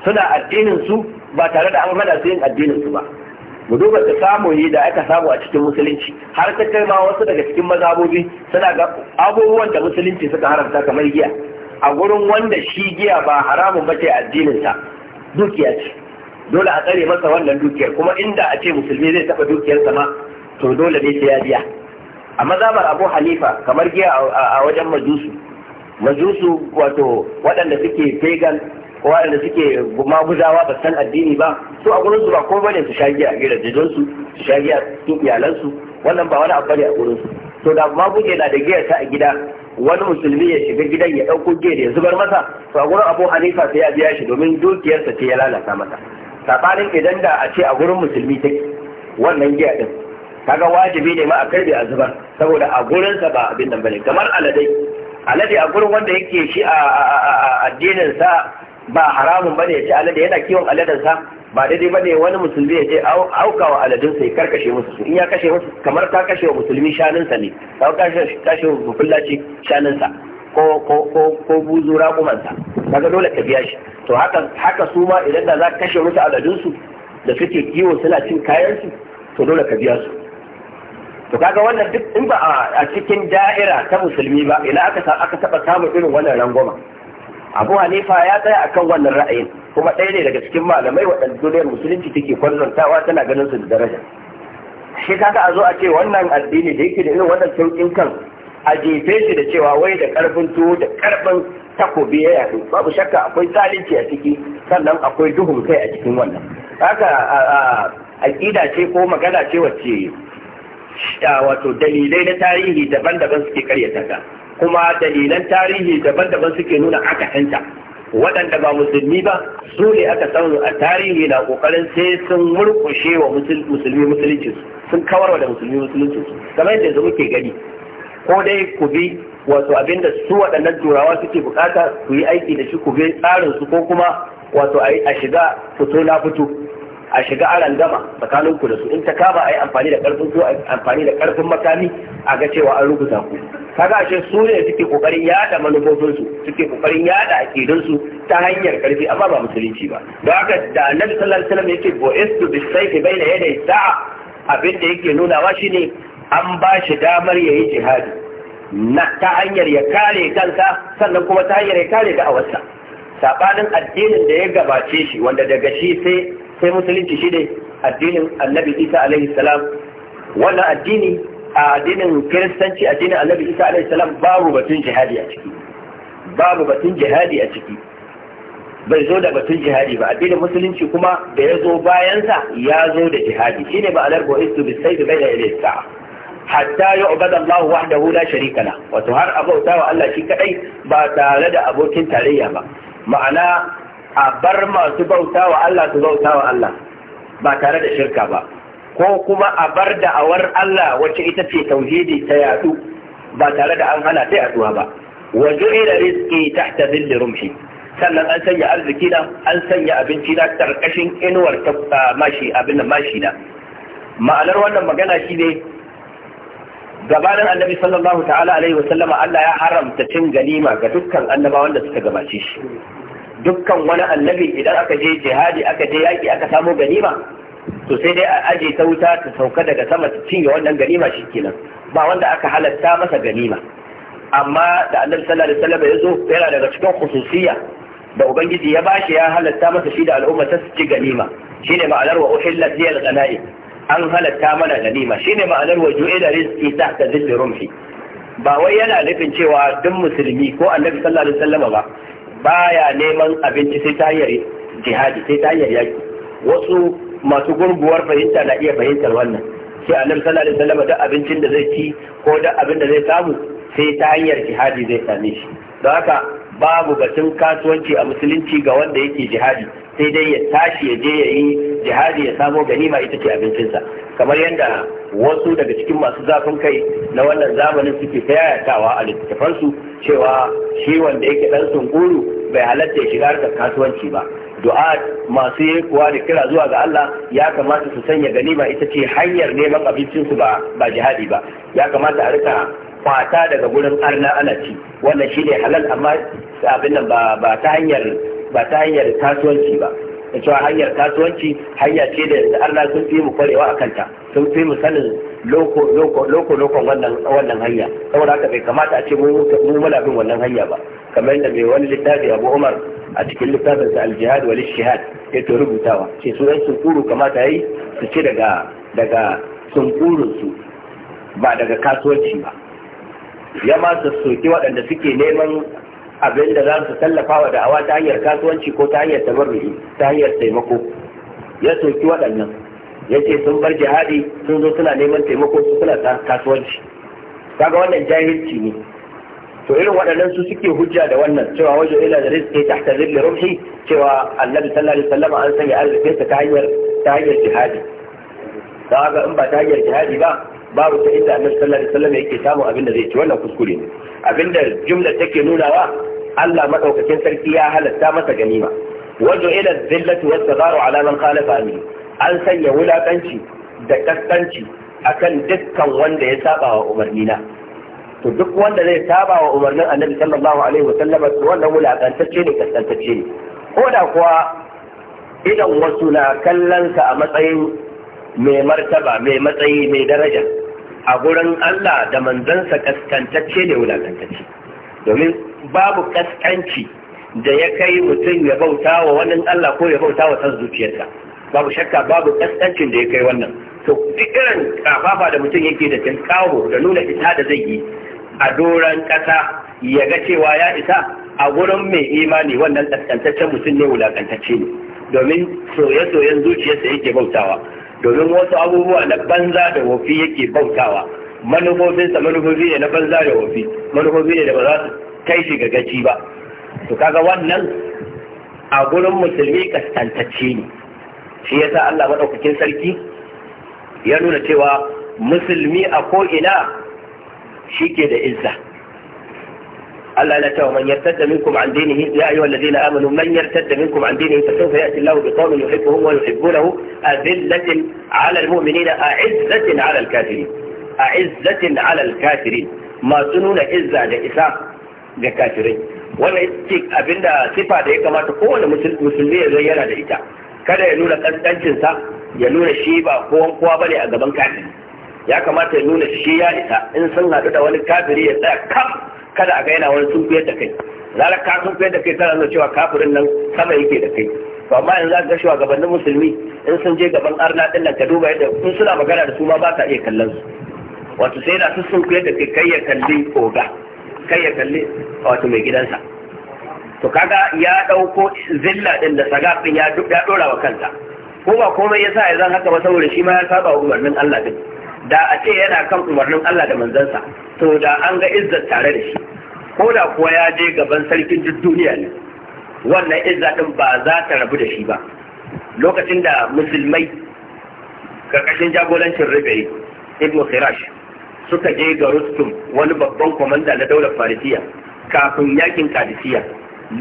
suna addinin su ba tare da an mana su yin addinin su ba mu duba ta samu yi da aka samu a cikin musulunci har ta kai ma wasu daga cikin mazabobi suna ga abubuwan da musulunci suka haramta kamar giya a gurin wanda shi giya ba haramun bace addininsa dukiya ce dole a tsare masa wannan dukiyar kuma inda a ce musulmi zai taɓa sa ma to dole ne sai ya biya a mazabar abu halifa kamar giya a wajen majusu majusu wato waɗanda suke pagan waɗanda suke maguzawa ba san addini ba su a gurin su ba kuma bane su shagi a gidajen su su shagi a cikin iyalansu wannan ba wani abu ne a gurin su to da maguje na da giyarta a gida wani musulmi ya shiga gidan ya ɗauko giyar ya zubar masa to a gurin abu hanifa sai ya biya shi domin dukiyarsa ce ya lalata masa sabanin idan da a ce a gurin musulmi take wannan giya din kaga wajibi ne ma a karbe a zubar saboda a gurinsa ba abin nan bane kamar aladai alade a gurin wanda yake shi a addinin sa ba haramun bane ya ci alade yana kiwon aladansa ba daidai bane wani musulmi ya ce auka wa aladunsa ya karkashe musu su in ya kashe musu kamar ta kashe wa musulmi shanunsa ne ta kashe wa bufullaci shanunsa ko buzu raƙumansa kaga dole ka biya shi to haka su ma idan da za ka kashe musu aladunsu da suke kiwo suna cin kayansu to dole ka biya su to kaga wannan duk in ba a cikin da'ira ta musulmi ba ina aka aka taba samun irin wannan rangwama abu hanifa ya tsaya akan wannan ra'ayin kuma ɗaya ne daga cikin malamai waɗanda duniyar musulunci take kwallontawa tana ganin su da daraja shi kaga a zo a ce wannan addini da yake da irin wannan sauƙin kan a jefe shi da cewa wai da ƙarfin tuwo da ƙarfin takobi ya yaɗu babu shakka akwai zalunci a ciki sannan akwai duhun kai a cikin wannan haka aƙida ce ko magana ce wacce wato dalilai na tarihi daban-daban suke karyata ta kuma dalilan tarihi daban-daban suke nuna aka hanta. waɗanda ba musulmi ba su ne aka samu a tarihi na kokarin sai sun murƙushe wa musulmi musulunci sun kawarwa da musulmi musulunci kamar yadda yanzu muke gani ko dai ku bi wato abinda su waɗannan turawa suke bukata ku yi aiki da shi ku bi tsarin su ko kuma wato a shiga fito na fito a shiga aran gama tsakanin ku da su in ta kama a yi amfani da karfin su amfani da karfin makami a ga cewa an rubuta ku kaga ashe su ne suke kokarin yada manufofinsu, su suke kokarin yada akidun su ta hanyar karfi amma ba musulunci ba don haka da annabi sallallahu alaihi wasallam yake bo'istu bisayfi baina yaday sa'a abin da yake nuna wa shine an ba shi damar yayi jihadi na ta hanyar ya kare kansa sannan kuma ta hanyar ya kare da awarsa. sabanin addinin da ya gabace shi wanda daga shi sai sai musulunci shi ne addinin annabi isa alaihi salam wannan addini a addinin kiristanci addinin annabi isa alaihi salam babu batun jihadi a ciki babu batun jihadi a ciki bai zo da batun jihadi ba addinin musulunci kuma da ya zo bayansa ya zo da jihadi shine ma'anar bu'istu da bayna ilayhi sa'a hatta yu'bada Allah wahdahu la sharika la wato har abauta wa Allah shi kadai ba tare da abokin tarayya ba ma'ana a bar masu bauta wa Allah su bauta wa Allah ba tare da shirka ba ko kuma a bar da awar Allah wacce ita ce tauhidi ta yadu ba tare da an hana ta yaduwa ba wa da rizqi tahta dhilli rumhi sannan an sanya arziki na an sanya abinci na karkashin inuwar ta mashi abin da mashi na ma'anar wannan magana shi ne. gabanin annabi sallallahu ta'ala alaihi wa sallama Allah ya haramta cin ganima ga dukkan annabawan da suka gabace shi dukkan wani annabi idan aka je jihadi aka je yaƙi aka samo ganima to sai dai a aje ta wuta ta sauka daga sama ta cinye wannan ganima shikenan ba wanda aka halatta masa ganima amma da annabi sallallahu alaihi ya zo yana daga cikin khususiyya da ubangiji ya bashi ya halatta masa shi da al'umma ta ci ganima shine ma'anar wa uhillat liyal an halatta mana ganima shine ma'anar wa ju'ila rizqi tahta dhilli rumhi ba wai yana nufin cewa duk musulmi ko annabi sallallahu alaihi ba baya neman abinci sai ta hanyar jihadi sai ta hanyar yaki wasu masu gurguwar fahimta na iya fahimtar wannan sai annabi sallallahu alaihi wasallam da abincin da zai ci ko da abin da zai samu sai ta hanyar jihadi zai same shi don haka babu batun kasuwanci a musulunci ga wanda yake jihadi sai dai ya tashi ya je ya yi jihadi ya samo ganima ita ce abincinsa kamar yadda wasu daga cikin masu zafin kai na wannan zamanin suke ta yayatawa a littattafansu cewa shi wanda yake dan sunguru bai halatta ya shiga harkar kasuwanci ba du'a masu yi kuwa da kira zuwa ga Allah ya kamata su sanya ganima ita ce hanyar neman abincinsu ba jihadi ba ya kamata a rika kwata daga gurin arna ana ci wannan shi ne halal amma abin nan ba ta hanyar ba ta hanyar kasuwanci ba in cewa hanyar kasuwanci hanya ce da yanzu arna sun fi mu kwarewa a kanta sun fi mu sanin loko loko lokon wannan wannan hanya saboda haka bai kamata a ce mu muna bin wannan hanya ba kamar da mai wani littafi Abu Umar a cikin littafin sa al-jihad wal shihad ya to rubutawa ce su yan sunkuru kamata yayi su ci daga daga sunkurun su ba daga kasuwanci ba ya ma soki waɗanda suke neman abin da za su tallafa wa da'awa ta hanyar kasuwanci ko ta hanyar tabarru'i ta hanyar taimako ya soki waɗannan ya ce sun bar jihadi sun zo suna neman taimako su suna kasuwanci kaga wannan jahilci ne to irin waɗannan su suke hujja da wannan cewa wajen ila da rizqi tahta zilli rumhi cewa annabi sallallahu alaihi wasallam an sanya arzikinsa ta hanyar ta hanyar jihadi kaga in ba ta hanyar jihadi ba babu ta inda annabi sallallahu alaihi wasallam yake samun abin da zai ci wannan kuskure ne abinda jumla take nunawa Allah madaukakin sarki ya halatta masa ganima wajo ila dhillatu was sadaru ala man khalafa amri an sanya wulakanci da kaskanci akan dukkan wanda ya saba wa umarnina to duk wanda zai saba wa umarnin annabi sallallahu alaihi wasallam wannan wulakantacce ne kaskantacce ne ko da kuwa idan wasu na kallon ka a matsayin mai martaba mai matsayi mai daraja a gurin Allah da manzansa kaskantacce ne wulakantacce domin babu kaskanci da ya kai mutum ya bauta wa wannan Allah ko ya bauta wa san zuciyarsa babu shakka babu kaskancin da ya kai wannan to duk irin kafafa da mutum yake da kawo da nuna ita da zai yi a doran kasa ya ga cewa ya isa a gurin mai imani wannan kaskantaccen mutum ne wulakantacce ne domin soye-soyen zuciyarsa yake bautawa domin wasu abubuwa na banza da wofi yake bautawa manufofinsa manufofi ne na banza da wofi manufofi ne da ba za su kai shi ga gaci ba to kaga wannan a gurin musulmi kastantacce ne shi sa Allah maɗaukakin sarki ya nuna cewa musulmi a ko'ina shi ke da izza Allah ta cewa man yartadda minkum an dinihi ya ayyuha alladhina amanu man yartadda minkum an dinihi fa sawfa ya'ti Allahu bi qaumin yuhibbuhum wa yuhibbunahu adillatin 'ala al-mu'minina a'izzatin 'ala al-kafirin a'izzatin 'ala al-kafirin masu nuna izza da isa ga kafirai wannan abinda sifa da ya kamata kowane musulmi ya zai yana da ita kada ya nuna kankancinsa ya nuna shi ba kowan kowa bane a gaban kafiri ya kamata ya nuna shi ya isa in sun haɗu da wani kafiri ya tsaya kam kada a ga yana wani sunkuyar da kai zarar ka sunkuyar da kai tana nuna cewa kafirin nan sama yake da kai to amma yanzu za ka ga gabanin musulmi in sun je gaban arna din nan ka duba yadda in suna magana da su ma ba ta iya kallon su wato sai da su sunkuyar da kai kai ya kalli oga kai ya kalli wato mai gidansa to kaga ya dauko zilla din da sagafin ya ya dora wa kansa ko ba komai yasa ya zan haka ba saboda shi ma ya saba umarnin Allah din da a ce yana kan umarnin Allah da manzansa to da an ga izzar tare da shi ko da kuwa ya je gaban sarkin duk duniya ne wannan izza din ba za ta rabu da shi ba lokacin da musulmai karkashin jagorancin rubai ibnu khirash suka je ga rustum wani babban kwamanda na daular farisiya kafin yakin kadisiya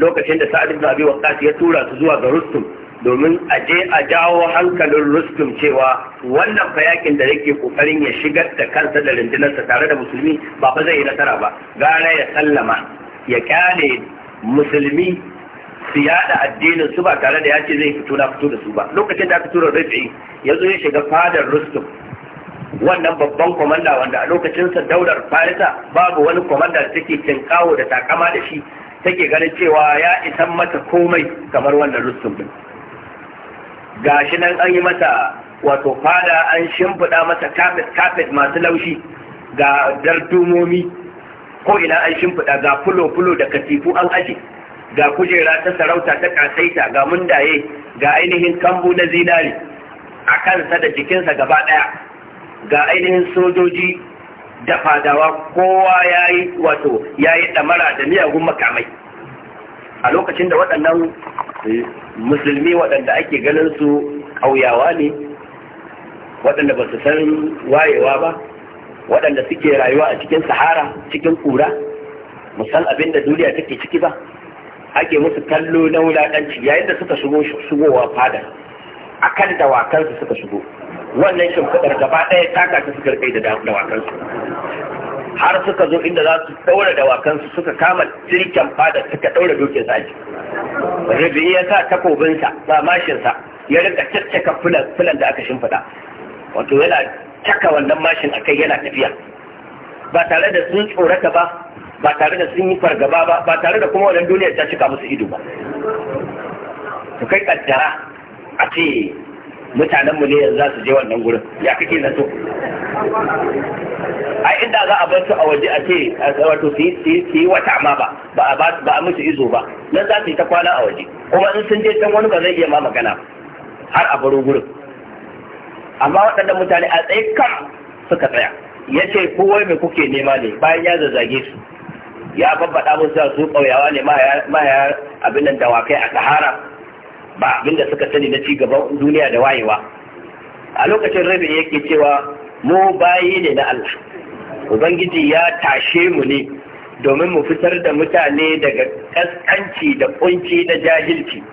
lokacin da sa'ad ibn abi waqqas ya tura su zuwa ga rustum domin a je a jawo hankalin rustum cewa wannan fayakin da yake kokarin ya shigar da kansa da rundunarsa tare da musulmi ba fa zai yi nasara ba gara ya sallama ya kyale musulmi su yada addinin su ba tare da ya ce zai fito na fito da su ba lokacin da fito da rufi ya zo ya shiga fadar rustum wannan babban kwamanda wanda a lokacinsa daular farisa babu wani kwamanda da take tinkawo da takama da shi take ganin cewa ya isan mata komai kamar wannan rustum din gashi nan an yi mata wato fada an shimfiɗa masa kafet kafet masu laushi ga dardumomi ko ina an shimfiɗa ga fulo-fulo da katifu an aje ga kujera ta sarauta ta kasaita ga mundaye ga ainihin kambu na zinari a kansa da jikinsa gaba ɗaya ga ainihin sojoji da fadawa kowa ya yi wato ya yi ɗamara da miyagun makamai a lokacin da waɗannan eh, musulmi waɗanda ake ganin su ƙauyawa ne waɗanda ba su san wayewa ba waɗanda suke rayuwa a cikin sahara cikin ƙura musan abin da duniya take ciki ba ake musu kallo na wulaƙanci yayin da suka shigo shigowa fada kan dawakansu suka shigo wannan shimfiɗar gaba ɗaya taka ta suka da dawakansu har suka zo inda za su daura dawakansu suka kama jirgin fada suka daura dokin sa rabi ya sa takobinsa ba mashinsa ya rika caccaka fulan da aka shimfiɗa wato yana caka wannan mashin akai yana tafiya ba tare da sun tsorata ba ba tare da sun yi fargaba ba ba tare da kuma wannan duniyar ta cika musu ido ba to kai kaddara a ce mutanenmu ne yanzu za su je wannan gurin ya kake na so ai inda za a bar su a waje a ce wato su yi wata ma ba ba a musu izo ba nan za su yi ta kwana a waje kuma in sun je can wani ba zai iya ma magana har a baro gurin amma waɗannan mutane a tsaye kam suka tsaya ya ce kowai mai kuke nema ne bayan ya zazzage su ya babbaɗa musu su ƙauyawa ne ma ya abin nan dawakai a sahara ba abinda suka sani na ci gaban duniya da wayewa a lokacin rabin yake cewa mu bayi ne na Allah ubangiji ya tashe mu ne domin mu fitar da mutane daga kaskanci da kunci na jahilci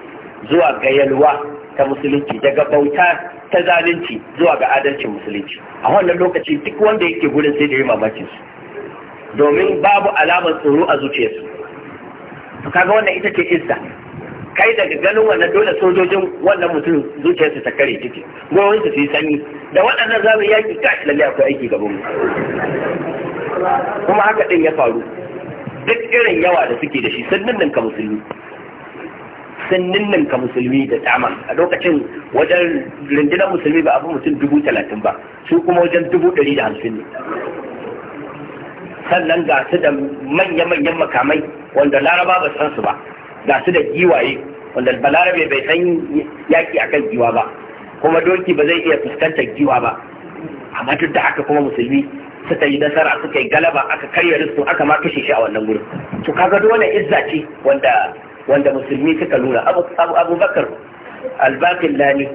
zuwa ga yalwa ta musulunci daga bauta ta zalunci zuwa ga adalcin musulunci a wannan lokaci duk wanda yake gurin sai da yi mamakin domin babu alamar tsoro a zuciyarsu to kaga wannan ita ce izza kai daga ganin wannan dole sojojin wannan mutum zuciyarsa ta kare ciki gwiwon su yi sani, da waɗannan zamu yaki kashi lalle akwai aiki gaban mu kuma haka din ya faru duk irin yawa da suke da shi sun ninninka musulmi sun ninninka musulmi da dama a lokacin wajen rundunar musulmi ba abu mutum dubu talatin ba su kuma wajen dubu ɗari da hamsin ne sannan ga su da manya-manyan makamai wanda laraba ba san su ba ga su da giwaye wanda balarabe bai san yaki akan giwa ba kuma doki ba zai iya fuskantar giwa ba amma duk da haka kuma musulmi suka yi nasara suka yi galaba aka karya risu aka ma kashe shi a wannan gurin to kaga dole izza ce wanda wanda musulmi suka nuna abu bakar albakin lani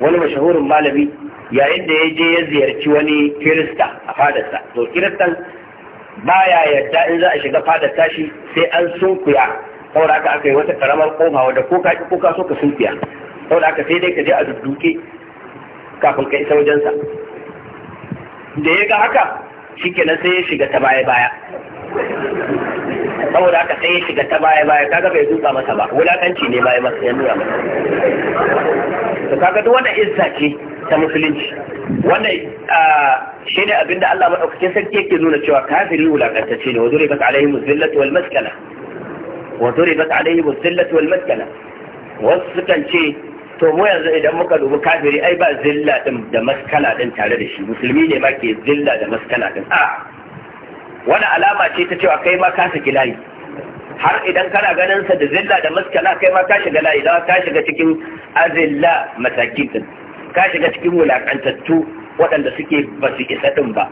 wani mashahurin malami yayin da ya je ya ziyarci wani kirista a fadarsa to kiristan baya yadda in za a shiga fadar tashi sai an sunkuya saboda aka aka yi wata karamar koma wadda ko ka ko ka so ka sunfiya saboda aka sai dai ka je a dudduke kafin ka isa wajensa da ya ga haka shikenan sai ya shiga ta baya baya saboda aka sai ya shiga ta baya baya kaga bai duka masa ba wulakanci ne baya masa ya nuna masa to kaga duk wannan izza ce ta musulunci wannan shi ne abinda Allah maɗaukacin sarki yake nuna cewa kafiri wulakantacce ne wa zuri baka alaihi muzillatu wal maskana wa duribat alaihi busillatu wal maskana wasu sukan ce to mu yanzu idan muka dubi kafiri ai ba zilla din da maskala din tare da shi musulmi ne ma ke zilla da maskala din a wani alama ce ta cewa kai ma ka saki layi har idan kana ganin sa da zilla da maskala kai ma ka shiga layi da ka shiga cikin azilla masakin din ka shiga cikin wulakantattu waɗanda suke ba su isa din ba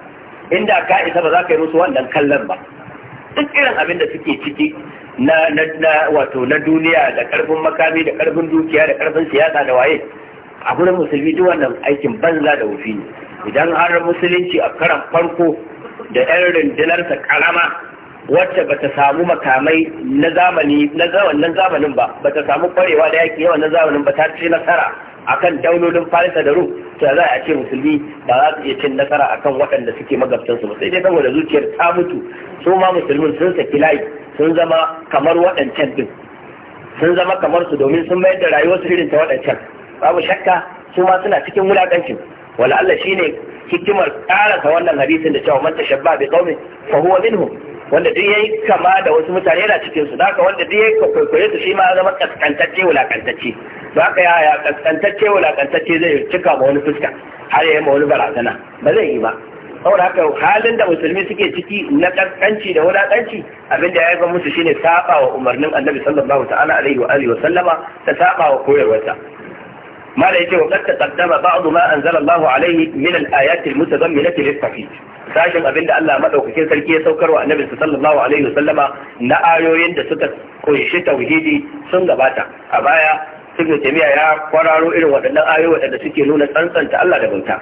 inda ka isa ba za ka yi musu wannan kallon ba duk irin abin da suke ciki na wato na duniya da karfin makami da karfin dukiya da karfin siyasa da waye a gurin musulmi duk wannan aikin banza da wufi ne idan har musulunci a karan farko da yan rundunarsa karama wacce ba ta samu makamai na zamani na zamanin zamanin ba ba ta samu kwarewa da yaki yawan na zamanin ba ta ce nasara akan daulolin farisa da rum to za a ce musulmi ba za su iya cin nasara akan waɗanda suke magabtansu ba sai dai saboda zuciyar ta mutu su ma musulmin sun saki layi sun zama kamar waɗancan ɗin sun zama kamar su domin sun mayar da rayuwar su irin ta waɗancan babu shakka su ma suna cikin wulaƙancin wala Allah shine hikimar karasa wannan hadisin da cewa man tashabba bi qaumi fa huwa minhum wanda duk yayi kama da wasu mutane yana cikin su haka wanda duk yayi kwaikwaye su shi ma zama kaskantacce wulaƙantacce. to haka ya ya kaskantacce wulaƙantacce zai cika ma wani fuska har ya yi ma wani barazana ba zai yi ba saboda haka halin da musulmi suke ciki na kaskanci da wulakanci abinda ya haifar musu shine saba wa umarnin annabi sallallahu ta'ala alaihi wa alihi wa sallama ta saba wa koyarwarsa ما لا يجي وقد تقدم بعض ما أنزل الله عليه من الآيات المتضمنة للتوحيد sashen abin da Allah madaukakin sarki ya saukar wa annabi sallallahu alaihi sallama na ayoyin da suka kunshi tauhidi sun gabata a baya Ibn Taymiyyah ya kwararo irin waɗannan ayoyi waɗanda suke nuna tsantsanta Allah da bauta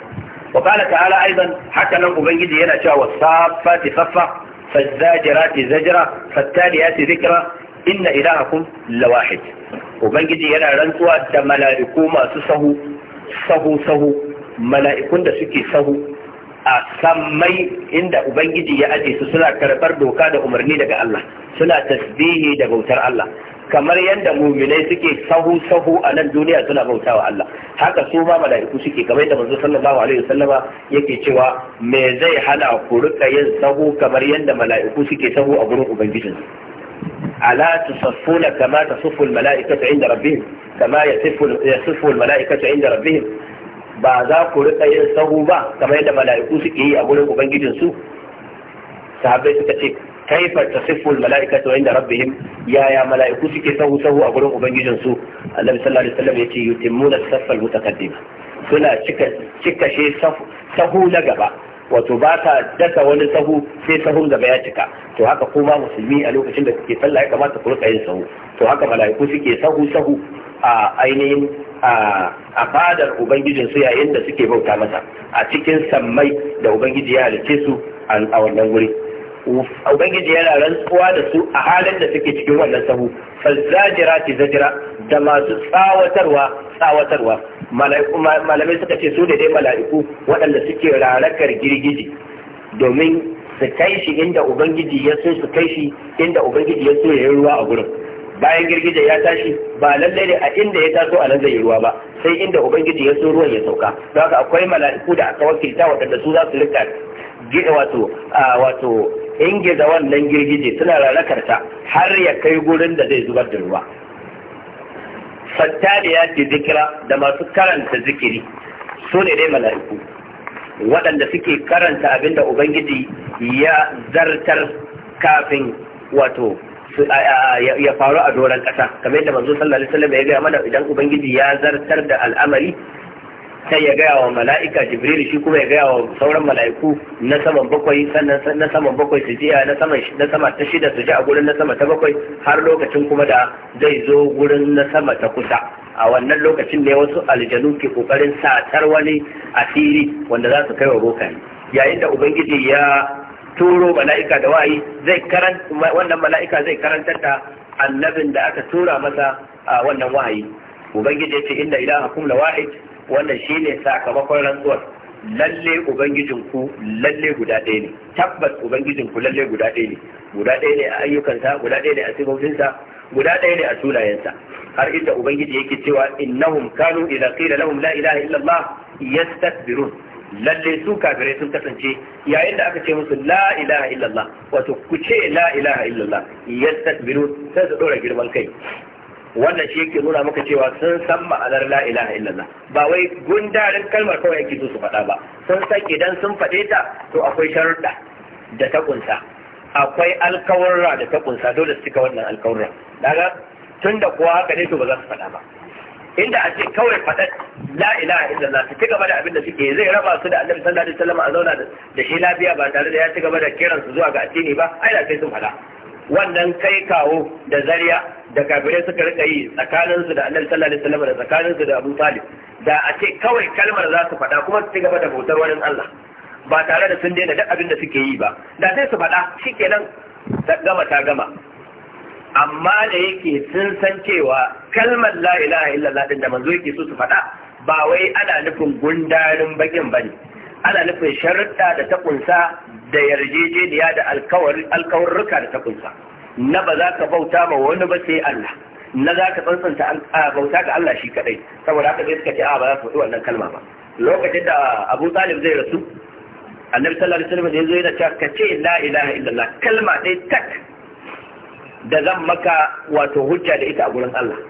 wa ta'ala aidan haka nan ubangiji yana cewa wasafati saffa fazajirati zajra fattaliyati zikra inna ilahakum lawahid ubangiji yana rantsuwa da mala'iku masu sahu sahu mala'ikun da suke sahu a sammai inda ubangiji ya aje su suna karɓar doka da umarni daga Allah suna tasbihi da bautar Allah kamar yadda muminai suke sahu sahu a nan duniya suna bauta wa Allah haka su ba mala'iku suke kamar yadda manzo sallallahu alaihi wasallama yake cewa me zai hana ku rika yin sahu kamar yadda mala'iku suke sahu a gurin ubangijin ala tusaffuna kama tasuffu almala'ikatu inda rabbihim kama yasiffu yasiffu almala'ikatu inda rabbihim ba za ku rika yin sahu ba kamar yadda mala'iku suke yi a gurin ubangijin su sahabbai suka ce kaifa tasiffu almalaikatu inda rabbihim yaya mala'iku suke sahu sahu a gurin ubangijin su annabi sallallahu alaihi wasallam yace yutimmuna as-saffa al-mutaqaddim suna cika sahu na gaba wato ba ta daka wani sahu sai sahun gaba ya cika to haka kuma musulmi a lokacin da kuke sallah ya kamata ku rika yin sahu to haka mala'iku suke sahu sahu a fadar ubangijin su yayin da suke bauta masa a cikin sammai da ubangiji ya halicce su a wannan wuri ubangiji yana rantsuwa da su a halin da suke cikin wannan sahu ti zajira da masu tsawatarwa tsawatarwa malamai suka ce su da dai mala'iku waɗanda suke rarakar girgiji domin su kai shi inda ubangiji ya so su kai shi inda ubangiji ya so ya yi ruwa a gurin bayan girgije ya tashi ba lallai ne a inda ya taso a nan zai yi ruwa ba sai inda ubangiji ya so ruwan ya sauka don haka akwai mala'iku da aka wakilta waɗanda su za su rika wato wato ingiza wannan girgije suna rarakarta har ya kai gurin da zai zubar da ruwa ya ce zikira da masu karanta zikiri su ne dai mala'iku waɗanda suke karanta abinda ubangiji ya zartar kafin wato ya faru a doron ƙasa kamar yadda manzo sallallahu alaihi wasallam ya gaya mana idan ubangiji ya zartar da al'amari sai ya gaya wa mala'ika jibril shi kuma ya gaya wa sauran mala'iku na saman bakwai sannan na saman bakwai su jiya na na sama ta shida su ji a gurin na sama ta bakwai har lokacin kuma da zai zo gurin na sama ta kusa a wannan lokacin ne wasu aljanu ke kokarin satar wani asiri wanda za su kai wa bokan yayin da ubangiji ya turo mala'ika da wayi zai karanta wannan mala'ika zai karantar da annabin da aka tura masa a wannan wahayi ubangiji ya ce inda ilaha kum la wahid wannan shi ne sakamakon rantsuwar lalle ubangijinku lalle guda ɗaya ne tabbas ubangijinku lalle guda ɗaya ne guda ɗaya ne a ayyukansa guda ɗaya ne a sifofinsa guda ɗaya ne a sunayensa har inda ubangiji yake cewa innahum kanu idza qila lahum la ilaha illa allah yastakbirun lalle su kafire sun kasance yayin da aka ce musu la ilaha illa allah wato ku ce la ilaha illa allah yastakbirun sai su dora girman kai wannan shi yake nuna maka cewa sun san ma'anar la ilaha illallah ba wai gundarin kalmar kawai yake so su faɗa ba sun san idan sun faɗe ta to akwai sharuɗa da ta kunsa akwai alkawarra da ta kunsa dole su cika wannan alkawarra daga tun da kuwa haka ne to ba za su faɗa ba inda a ce kawai faɗa la ilaha illallah su ci gaba da abin da suke zai raba su da annabi sallallahu alaihi wasallam a zauna da shi lafiya ba tare da ya ci gaba da kiran su zuwa ga addini ba ai da sai sun faɗa wannan kai kawo da zariya da kafirai suka rika yi tsakanin su da Annabi sallallahu alaihi wasallam da tsakanin da Abu Talib da a ce kawai kalmar za su faɗa kuma su ci gaba da bautar wani Allah ba tare da sun daina duk abin da suke yi ba da sai su faɗa shikenan ta gama ta gama amma da yake sun san cewa kalmar la ilaha illallah din da manzo yake so su faɗa ba wai ana nufin gundarin bakin bane ana nufin sharuɗa da ta kunsa da yarjejeniya da alkawarruka da ta kunsa na ba za ka bauta ma wani ba sai Allah na za ka tsantsanta bauta ga Allah shi kadai saboda haka zai suka ce a ba za su faɗi wannan kalma ba lokacin da Abu Talib zai rasu annabi sallallahu alaihi wasallam zo yana cewa ka ce la ilaha illallah kalma dai tak da zan maka wato hujja da ita a gurin Allah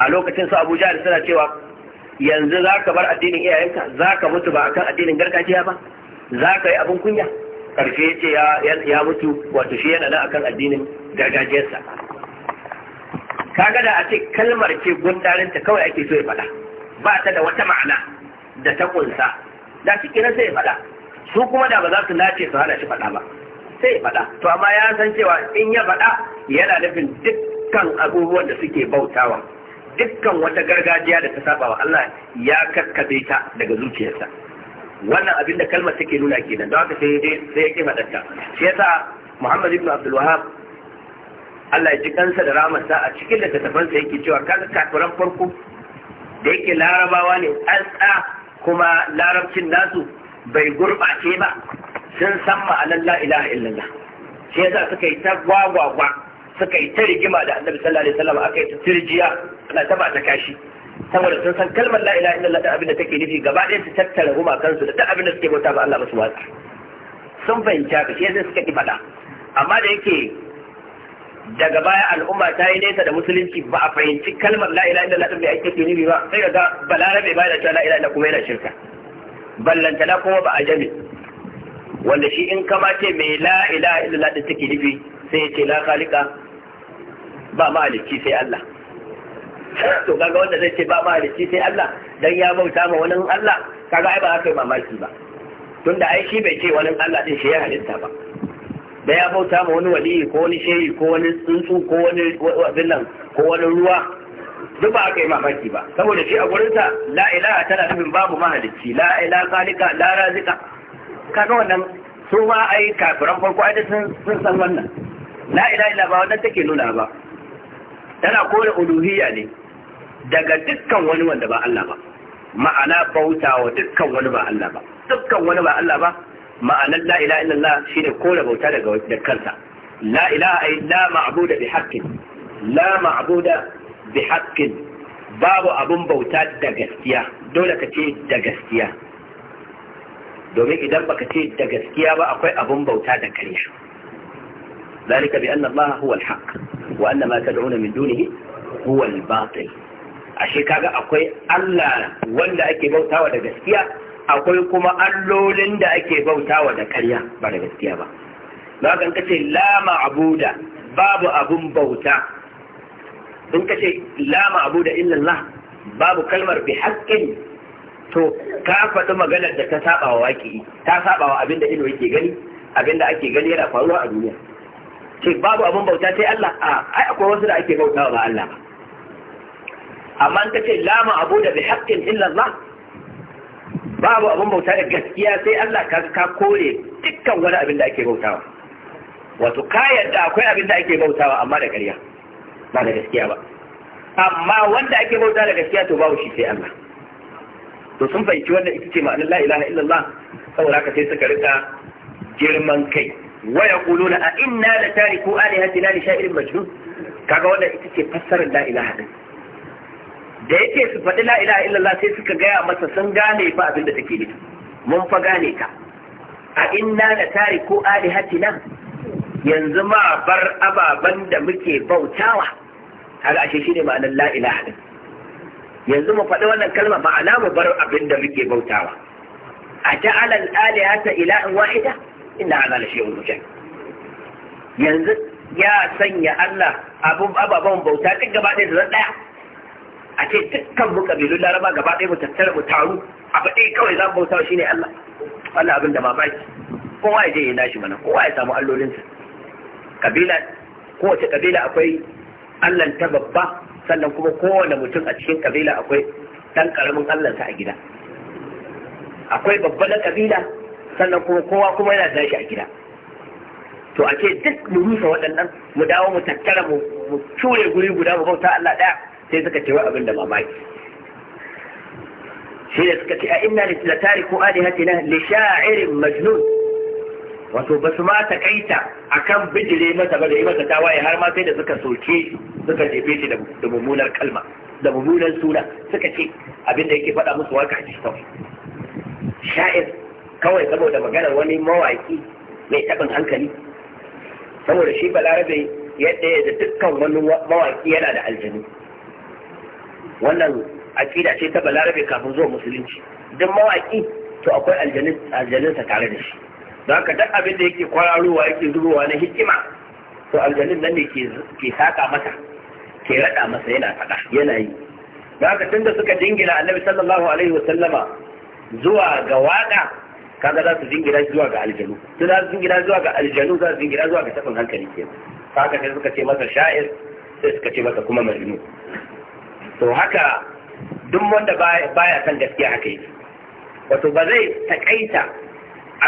a lokacin su Abu Jahl suna cewa yanzu za ka bar addinin iyayenka za ka mutu ba akan addinin gargajiya ba za ka yi abin kunya Ƙarshe ya ce ya mutu wato shi yana nan akan addinin gargajiyarsa kaga da a ce kalmar ce gundarinta kawai ake so ya faɗa ba ta da wata ma'ana da ta kunsa da shi kenan sai ya faɗa su kuma da ba za su nace su hana shi faɗa ba sai ya faɗa to amma ya san cewa in ya faɗa yana nufin dukkan abubuwan da suke bautawa dukkan wata gargajiya da ta saba wa Allah ya kakkabe ta daga zuciyarsa wannan abin da kalmar take nuna kenan don haka sai dai sai yake madanta shi yasa Muhammad ibn Abdul Wahhab Allah ya ji kansa da ramarsa a cikin da littattafansa yake cewa kaga kafiran farko da yake larabawa ne tsatsa kuma larabcin nasu bai gurɓace ba sun san ma'anar la ilaha illallah shi yasa suka yi ta gwagwagwa suka yi ta rigima da annabi sallallahu alaihi wasallam aka yi ta sirjiya ana taba ta kashi saboda sun san kalmar la ilaha illallah da abin take nufi gaba ɗaya su tattara gumakansu da duk abin da suke bauta ba Allah ba su watsa sun fahimci haka shi yasa suka ki faɗa amma da yake daga baya al'umma ta yi nesa da musulunci ba a fahimci kalmar la ilaha illallah din bai ake nufi ba sai ga balarabe bai da cewa la ilaha kuma yana shirka ballantana kuma ba a jami wanda shi in kama ce mai la ilaha illallah din take nufi sai ya ce la khaliqa ba maliki sai Allah to kaga wanda zai ce ba maliki sai Allah dan ya bauta ma wani Allah kaga ai ba za ka yi mamaki ba tunda ai shi bai ce wani Allah din shi ya halitta ba da ya bauta ma wani wali ko wani shehi ko wani tsuntsu ko wani wannan ko wani ruwa duk ba aka yi mamaki ba saboda shi a gurinsa la ilaha tana nufin babu mahalicci la ilaha khaliqa la razika kaga wannan su ma ai kafiran farko ai sun san wannan la ilaha illa ba wannan take nuna ba tana kore uluhiyya ne daga dukkan wani wanda ba Allah ba ma'ana bauta wa dukkan wani ba Allah ba dukkan wani ba Allah ba ma'anar la ilaha illallah shine kore bauta daga da kansa la ilaha illa ma'buda bi haqqin la ma'buda bi haqqin babu abun bauta da gaskiya dole ka ce da gaskiya domin idan baka ce da gaskiya ba akwai abun bauta da kare shi ذلك بأن الله هو الحق wa anna ma tad'una min dunihi huwa batil ashe kaga akwai Allah wanda ake bautawa da gaskiya akwai kuma allolin da ake bautawa da karya ba da gaskiya ba ba kan kace la ma'buda babu abun bauta in kace la ma'buda illa illallah babu kalmar bi haqqin to ka faɗi maganar da ta saba wa waƙi ta saba wa abinda ido yake gani abinda ake gani yana faruwa a duniya ce babu abin bauta sai Allah a ai akwai wasu da ake bautawa ba Allah ba amma in ka ce lama abu da bi haqqin illa Allah babu abin bauta da gaskiya sai Allah ka ka kore dukkan wani abin da ake bautawa wato ka yadda akwai abin da ake bautawa amma da ƙarya ba da gaskiya ba amma wanda ake bauta da gaskiya to babu shi sai Allah to sun fahimci wannan ita ce ma'anar la ilaha illallah saboda haka sai suka rika girman kai wa yaquluna a inna la tariku alihatina li sha'irin majnun kaga wannan ita ce fassarar la ilaha da yake su faɗi la ilaha illallah sai suka gaya masa sun gane fa abin da take nufi mun fa gane ka a inna la tariku alihatina yanzu ma bar ababan da muke bautawa kaga ashe shine ma'anar la ilaha din yanzu mu faɗi wannan kalma ma'ana mu bar abin da muke bautawa a ja'ala al-alihata ilahan wahida inda hadha la shay'un ujab yanzu ya sanya Allah abun ababan bauta duk gaba ɗaya da ɗaya a ce dukkan mu kabilun Laraba gaba ɗaya mu tattara mu taru a ɗaya kawai za mu bauta ne Allah Allah abin da mamaki kowa ya je ya nashi mana kowa ya samu allolinsa kabila kowace kabila akwai Allah ta babba sannan kuma kowane mutum a cikin kabila akwai dan karamin allansa a gida akwai babba na kabila sannan kuma kowa kuma yana tashi a gida to a ce duk mu rusa waɗannan mu dawo mu tattara mu cure guri guda mu bauta Allah ɗaya sai suka ce wa abin da mamaki Sai da suka ce a inna la tariku alihatina li sha'irin majnun wato ba su ma takaita akan bijire masa ba da yi masa tawaye har ma sai da suka soke suka jefe shi da mummunar kalma da mummunar suna suka ce abin da yake faɗa musu waka hadisi kawai sha'ir kawai saboda maganar wani mawaki mai tabin hankali saboda shi balarabe yadda ya da dukkan wani mawaki yana da aljanu wannan akida ce ta balarabe kafin zuwa musulunci duk mawaki to akwai aljaninsa tare da shi don haka duk abin da yake kwararowa yake zubowa na hikima to aljanin nan ne ke saka masa ke rada masa yana faɗa yana yi don haka tun da suka jingina annabi sallallahu alaihi wasallama zuwa ga waƙa kaga za su jingira zuwa ga aljanu to za su jingira zuwa ga aljanu za su jingira zuwa ga tafin hankali ke haka sai suka ce masa sha'ir sai suka ce masa kuma majnu to haka duk wanda baya san gaskiya haka yake wato ba zai takaita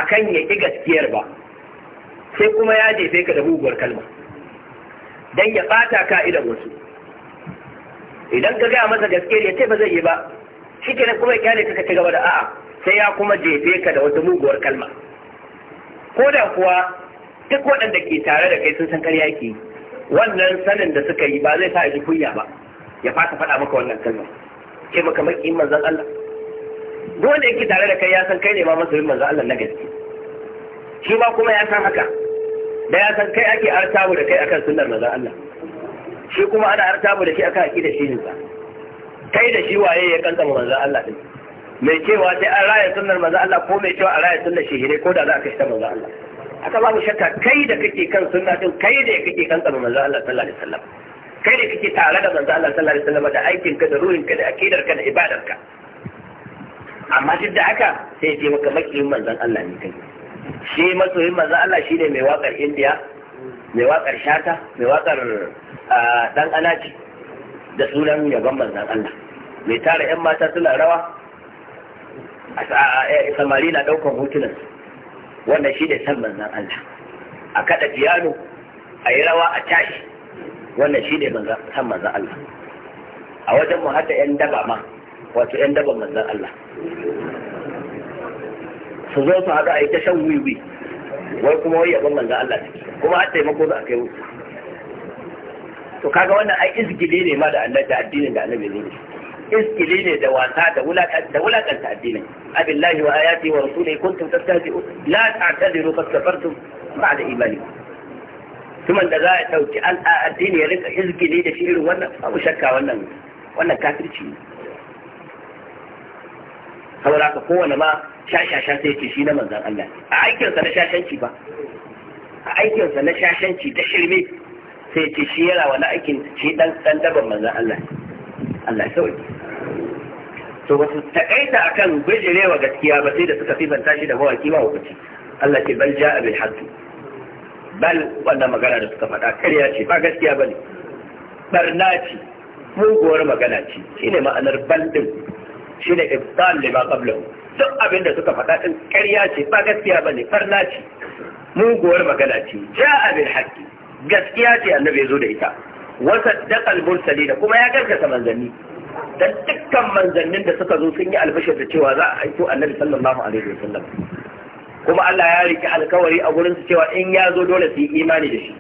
akan ya ki gaskiyar ba sai kuma ya jefe ka da muguwar kalma dan ya bata ka idan wasu idan ka gaya masa gaskiyar ya ce ba zai yi ba shi kenan kuma ya kyale ka ci gaba da a'a sai ya kuma jefe ka da wata muguwar kalma ko da kuwa duk waɗanda ke tare da kai sun san karya yi, wannan sanin da suka yi ba zai sa a ji kunya ba ya fasa faɗa maka wannan kalma Ke maka maƙiyin manzan Allah duk wanda yake tare da kai ya san kai ne ma masoyin manzan Allah na gaske shi ma kuma ya san haka da ya san kai ake artabu da kai akan sunnar manzan Allah shi kuma ana artabu da shi akan da shi ne kai da shi waye ya kanta manzan Allah din mai cewa sai an raya sunnar maza Allah ko mai cewa a raya sunnar shehire ko da za a kashe ta manzo Allah haka babu shakka kai da kake kan sunna din kai da kake kan tsaro maza Allah sallallahu alaihi wasallam kai da kake tare da maza Allah sallallahu alaihi wasallam da aikin ka da ruhin ka da akidar ka da ibadar ka amma duk da haka sai ce maka makiyin manzon Allah ne kai shi masoyin manzon Allah shine mai wakar India mai wakar Shata mai wakar dan Alaji da sunan yaban manzon Allah mai tara yan mata suna rawa samari na ɗaukan hotunan wannan shi ne san manzan Allah a kada fiyano a yi rawa a tashi wannan shi ne san manzan Allah a wajen mu hada 'yan daba ma wato 'yan daba manzan Allah su zo su haɗu a yi ta shan wiwi wai kuma wai yabon manzan Allah kuma har yi za a kai wuce to kaga wannan ai izgili ne ma da addinin da annabi ne iskili ne da wasa da wulakanta da wulakanta addinin abillahi wa ayati wa rasulihi kuntum tastahzi'un la ta'tadiru qad kafartum ba'da imanikum kuma da za a dauki an addini ya rika izgili da shi irin wannan babu shakka wannan wannan kafirci ne saboda haka kowane ma shashasha sai ce shi na manzan Allah a aikinsa na shashanci ba a aikinsa na shashanci ta shirme sai ce shi yana wani aikin shi dan dan daban manzan Allah Allah ya sauki to ba su akan bijirewa gaskiya ba sai da suka sifanta shi da mawaki ba hukunci Allah ce bal ja'a bil haqqi bal wannan magana da suka faɗa karya ce ba gaskiya bane barna ce muguwar magana ce shine ma'anar bal din shine ibtal lima qablahu duk abin da suka faɗa ɗin karya ce ba gaskiya bane barna ce muguwar magana ce ja'a bil haqqi gaskiya ce annabi ya zo da ita wa saddaqa al mursalin kuma ya gaskata manzanni dan dukkan manzannin da suka zo sun yi albashir da cewa za a haifo annabi sallallahu alaihi wasallam kuma Allah ya riki alkawari a gurin su cewa in ya zo dole su yi imani da shi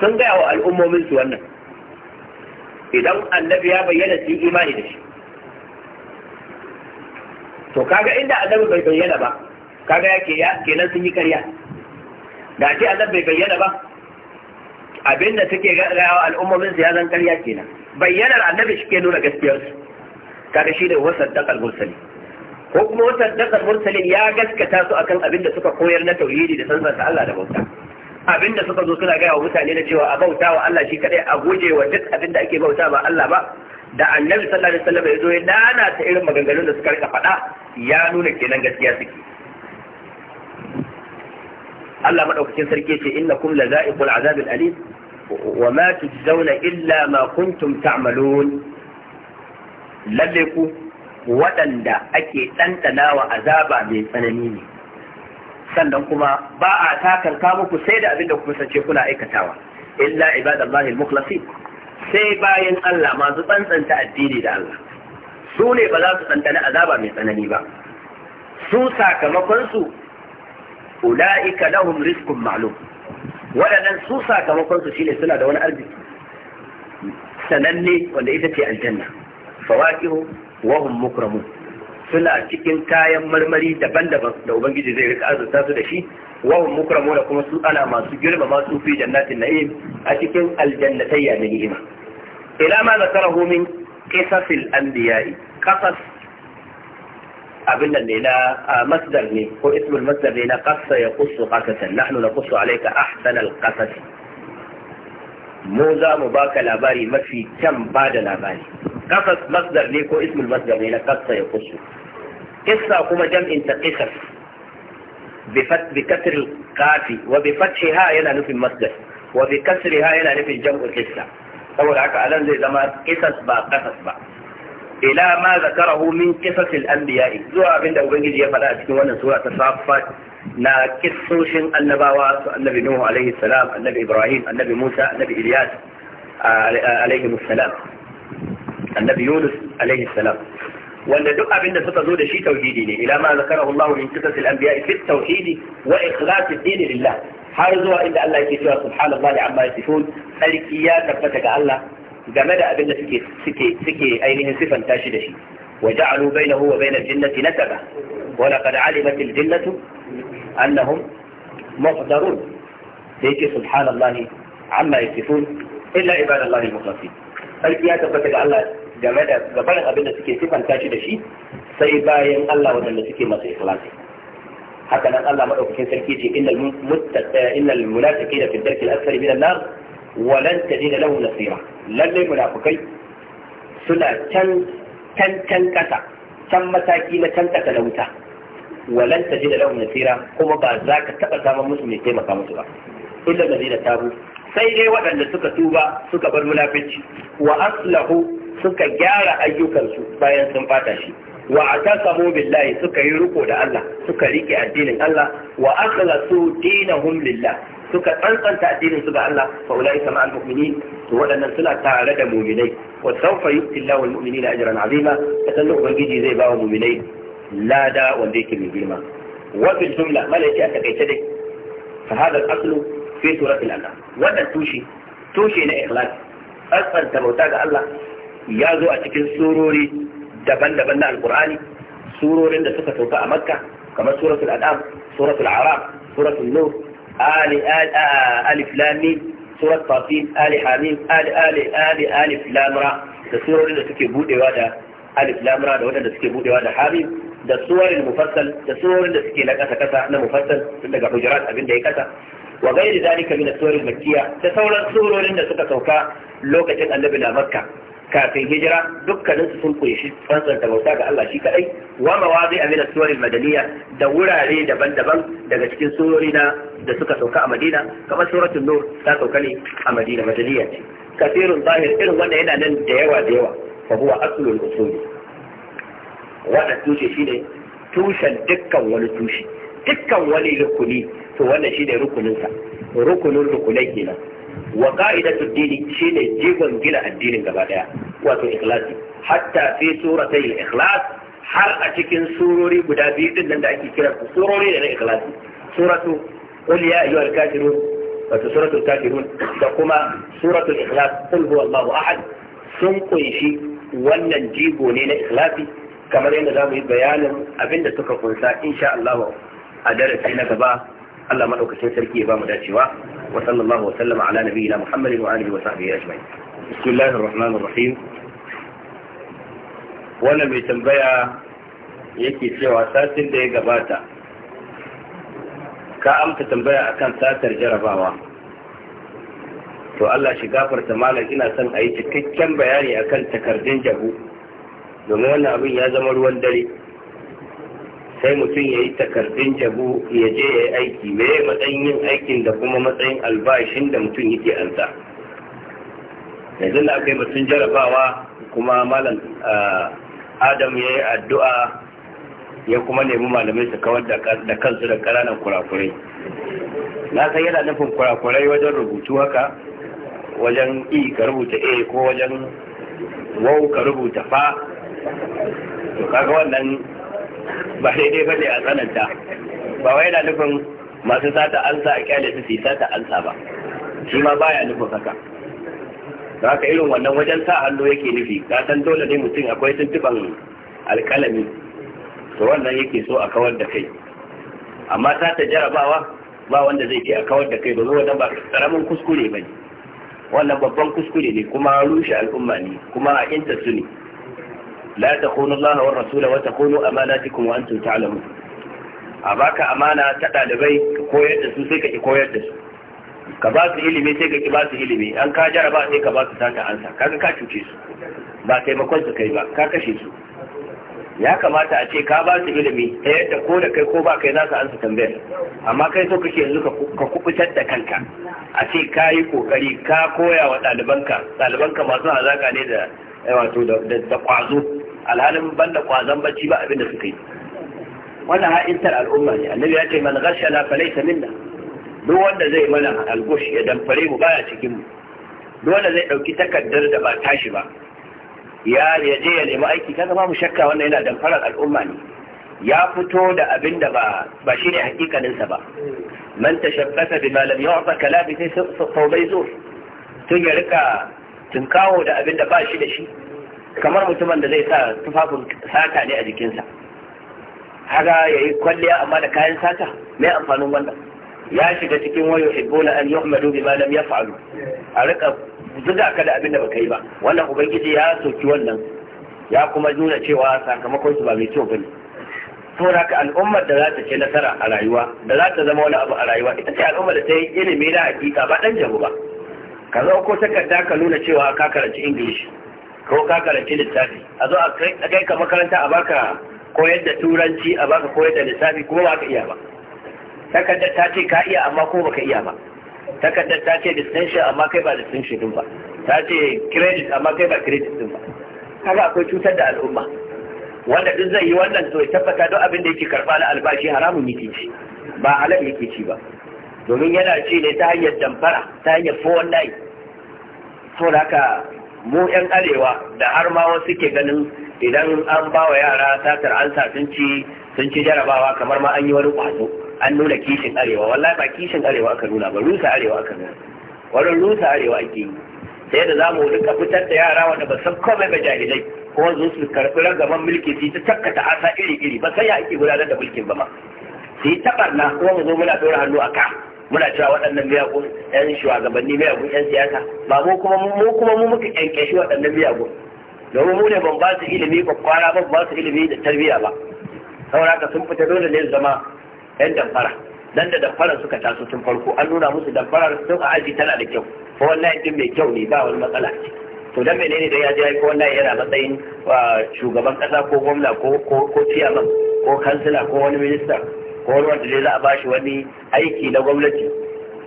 sun gaya wa al'ummomin su wannan idan annabi ya bayyana su yi imani da shi to kaga inda annabi bai bayyana ba kaga yake ya kenan sun yi karya da ce annabi bai bayyana ba abinda suke gaɗawa al'ummomin su ya zan ƙarya kenan bayyanar annabi shi ke nuna gaskiyarsu kaga shi da wasan dakal mursali ko kuma wasan dakal ya gaskata su akan abinda suka koyar na tauhidi da sansa Allah da bauta abinda suka zo suna gaya wa mutane na cewa a bauta wa Allah shi kadai a guje wa duk abinda ake bauta ba Allah ba da annabi sallallahu alaihi wasallam ya zo ya dana ta irin maganganun da suka rika faɗa ya nuna kenan gaskiya suke Allah madaukakin sarki yace innakum lazaiqul azab alim wa ma tujzauna illa ma kuntum ta'malun lalle ku waɗanda ake ɗanɗanawa azaba mai tsanani ne sannan kuma ba a takanka muku sai da abin da kuma sace kuna aikatawa illa ibadallahi al-mukhlasin sai bayan Allah masu tsantsanta addini da Allah su ne ba za su tsantsani azaba mai tsanani ba su sakamakon su ula'ika lahum rizqun ma'lum waɗannan su sakamakon su shine suna da wani arziki sananne wanda ita ce aljanna fawaqihu wa hum mukramun suna cikin kayan marmari daban-daban da ubangiji zai rika azurta su da shi wa hum mukramuna kuma su ana masu girma masu fi jannatin na'im a cikin aljannatayya da ni'ima ila ma zakarahu min qisas anbiyai qasas abin nan ne na masdar ne ko ismul masdar ne na qassa ya qussu qasasan nahnu naqussu alayka ahsana alqasas mu za mu baka labari mafi kyan bada labari qasas masdar ne ko ismul masdar ne na qassa ya qussu qissa kuma jam'in ta qisas بكسر القاف وبفتحها يلا نفي المصدر وبكسرها yana nufin الجمع القصه saboda haka anan zai zama kisas ba kasas ba ila ma zakarahu min qisas al-anbiya zuwa abinda ubangiji ya faɗa a cikin wannan sura ta safat na kissoshin annabawa su annabi nuhu alaihi salam annabi ibrahim annabi musa annabi ilyas alaihi salam annabi yunus alaihi salam wanda duk abin da suka zo da shi tauhidi ne ila ma zakarahu Allah min qisas al-anbiya fi tauhidi wa ikhlas ad-din lillah har zuwa inda Allah yake cewa subhanallahi amma yasifun sarki ya tabbata ga Allah game da abin da suke ainihin sifanta shi da shi wa ja'alu bainahu wa bainal jinnati nasaba wa laqad alimat al jinnatu annahum muhdarun sai yake subhanallahi amma yasifun illa ibadallahi al-mukhlasin sarki ya tabbata da Allah game da gabarin abin da suke sifanta shi da shi sai bayan Allah wadanda suke masa ikhlasi haka nan Allah madaukakin sarki ce innal muttaqina innal munafiqina fi ad-darki al-asfali min an-nar walan tajida lahu nasira lalle munafikai suna can can can can mataki na can kasa da wuta walan launin lahu nasira kuma ba za ka taba samun musu mai taimaka musu ba illa ladina tabu sai dai waɗanda suka duba suka bar munafici wa aslahu suka gyara ayyukansu bayan sun fata shi wa atasamu billahi suka yi riko da Allah suka rike addinin Allah wa akhlasu dinahum lillah suka tsantsanta addinin su ga Allah fa ulaika ma'al mu'minin to waɗannan suna tare da mu'minai wa sawfa yu'ti Allahu al-mu'minina ajran 'azima kadan ubangiji zai ba wa mu'minai lada wanda yake mai girma wa fil jumla malaki a takaice dai fa hada al-aslu fi surat al-anam wannan tushe tushe na ikhlas tsantsanta bauta ga Allah ya zo a cikin surori daban-daban na alqur'ani surorin da suka sauka a makka kamar suratul Adam, suratul araf suratul nur Alif آل ألف لام سورة فاطين آل حميم آل آل آل ألف da surorin da suke budewa da alif lamra da waɗanda suke budewa da hamim da surorin mufassal da surorin da suke na kasa kasa na mufassal tun daga hujurat abin da ya kasa wa gairi zalika min as-suwar makkiya da sauran surorin da suka sauka lokacin annabi na makka kafin hijira dukkanin su sun kunshi da bauta ga Allah shi kadai wa mawazi amina suwar madaniya da wurare daban-daban daga cikin surori na da suka sauka a Madina kamar suratul nur ta sauka ne a Madina madaniya ce kafirun zahir irin wanda yana nan da yawa da yawa fa huwa aslul usul wannan tushe shine tushen dukkan wani tushe dukkan wani rukuni to wannan shine rukuninsa rukunin rukunai kenan wa dini shine jigon gina addinin gaba daya wato ikhlasi hatta fi suratai al-ikhlas har a cikin surori guda biyu din nan da ake kira surori da na ikhlasi suratu qul ya ayyuhal kafirun wato suratul kafirun da kuma suratul ikhlas qul huwallahu ahad sun kunshi wannan jigo ne na ikhlasi kamar yadda za mu yi bayanin abinda suka kunsa insha Allah a darasi na gaba Allah madaukakin sarki ya ba mu dacewa wa sallallahu wa sallama ala nabiyina Muhammadin wa alihi wa sahbihi ajma'in bismillahir rahmanir rahim wannan mai tambaya yake cewa satin da ya gabata ka amsa tambaya akan satar jarabawa to Allah shi gafarta malam ina son a yi cikakken bayani akan takardun jahu domin wannan abin ya zama ruwan dare sai mutum ya yi takardun jabu ya je ya yi aiki me matsayin yin aikin da kuma matsayin albashin da mutum yake alza yanzu da aka yi mutum jarabawa kuma malam adam ya yi addu'a ya kuma nemi malamai su kawar da kansu da ƙananan kurakurai na san yana nufin kurakurai wajen rubutu haka wajen i ka rubuta a ko wajen wau ka rubuta fa to kaga wannan ba daidai ba ne a tsananta ba wai yana nufin masu sata ansa a kyale su yi sata ansa ba shi ma baya nufin haka Za ka irin wannan wajen sa hannu yake nufi ka san dole ne mutum akwai tuntuban alkalami to wannan yake so a kawar da kai amma sata jarabawa ba wanda zai ke a kawar da kai ba zuwa ba karamin kuskure ba ne wannan babban kuskure ne kuma rushe al'umma ne kuma a inta su ne la takunu Allah wa rasula wa takunu amanatikum wa antum ta'lamun a baka amana ta dalibai ka koyar da su sai ka koyar da su ka ba su ilimi sai ka ki ba su ilimi an ka jaraba sai ka ba su sata ansa kaga ka cuce su ba taimakon su kai ba ka kashe su ya kamata a ce ka ba su ilimi ta yadda ko da kai ko ba kai za su ansa tambayar amma kai so kake yanzu ka kubutar da kanka a ce ka yi kokari ka koya wa ɗalibanka ɗalibanka masu hazaka ne da eh, wato da kwazo alhalin banda kwazon bacci ba abin da suka yi wannan ha'intar al'umma ne annabi ya ce man ghashana falaysa minna duk wanda zai mana algush ya damfare mu baya cikin mu duk wanda zai dauki takardar da ba tashi ba ya je ya nemi aiki kaga ba mu shakka wannan yana damfarar al'umma ne ya fito da abin da ba ba shine hakikanin ba man bi bima lam yu'ta kalabi sai sau bai zo tun ya rika tunkawo da abin da ba shi da shi kamar mutumin da zai sa tufafin sata ne a jikinsa haga ya yi kwalliya amma da kayan sata mai amfanin wannan ya shiga cikin wayo ibola an bi malam ya faru a rika zuga ka da abin da baka yi ba wannan ubangiji ya soki wannan ya kuma nuna cewa sakamakon su ba mai kyau bane saboda ka al'ummar da za ta ce nasara a rayuwa da za ta zama wani abu a rayuwa ita ce al'ummar da ta yi ilimi na hakika ba dan jabu ba ka zo ko takarda ka nuna cewa ka karanci ingilishi ko ka karanci littafi a zo a kai ka makaranta a baka koyar da turanci a baka koyar da littafi kuma ba ka iya ba takardar ta ce ka iya amma ko baka iya ba takardar ta ce distinction amma kai ba distinction din ba ta ce credit amma kai ba credit din ba kaga akwai cutar da al'umma wanda duk zai yi wannan to ya tabbata duk abin da yake karba na albashi haramun yake ci ba halal yake ci ba domin yana ci ne ta hanyar damfara ta hanyar 419 da haka mu yan arewa da har ma wasu ke ganin idan an ba wa yara satar ansa sun ci sun ci jarabawa kamar ma an yi wani kwazo an nuna kishin arewa wallahi ba kishin arewa aka nuna ba rusa arewa aka nuna wani rusa arewa ake yi sai da za mu duka fitar da yara wanda ba san komai ba jahilai ko wanzu su karɓi ragaman mulki su ta takkata asa iri iri ba sai ya ake gudanar da mulkin ba ma su yi taɓarna kuma mu zo muna ɗora hannu a kan muna cewa waɗannan miyagun yan shugabanni miyagun yan siyasa ba mu kuma mu kuma mu muka kyankyashi waɗannan miyagun domin mu ne ban ba su ilimi ba kwara ba ba su ilimi da tarbiyya ba saboda haka sun fita dole ne zama yan damfara dan da damfara suka taso tun farko an nuna musu damfarar sun a aji tana da kyau ko wannan din mai kyau ne ba wani matsala ce to dan menene da ya je ko wannan yana matsayin ah, shugaban kasa ko gwamna ko ko ko ko kansila ko wani minista ko wani wanda zai za a bashi wani aiki na gwamnati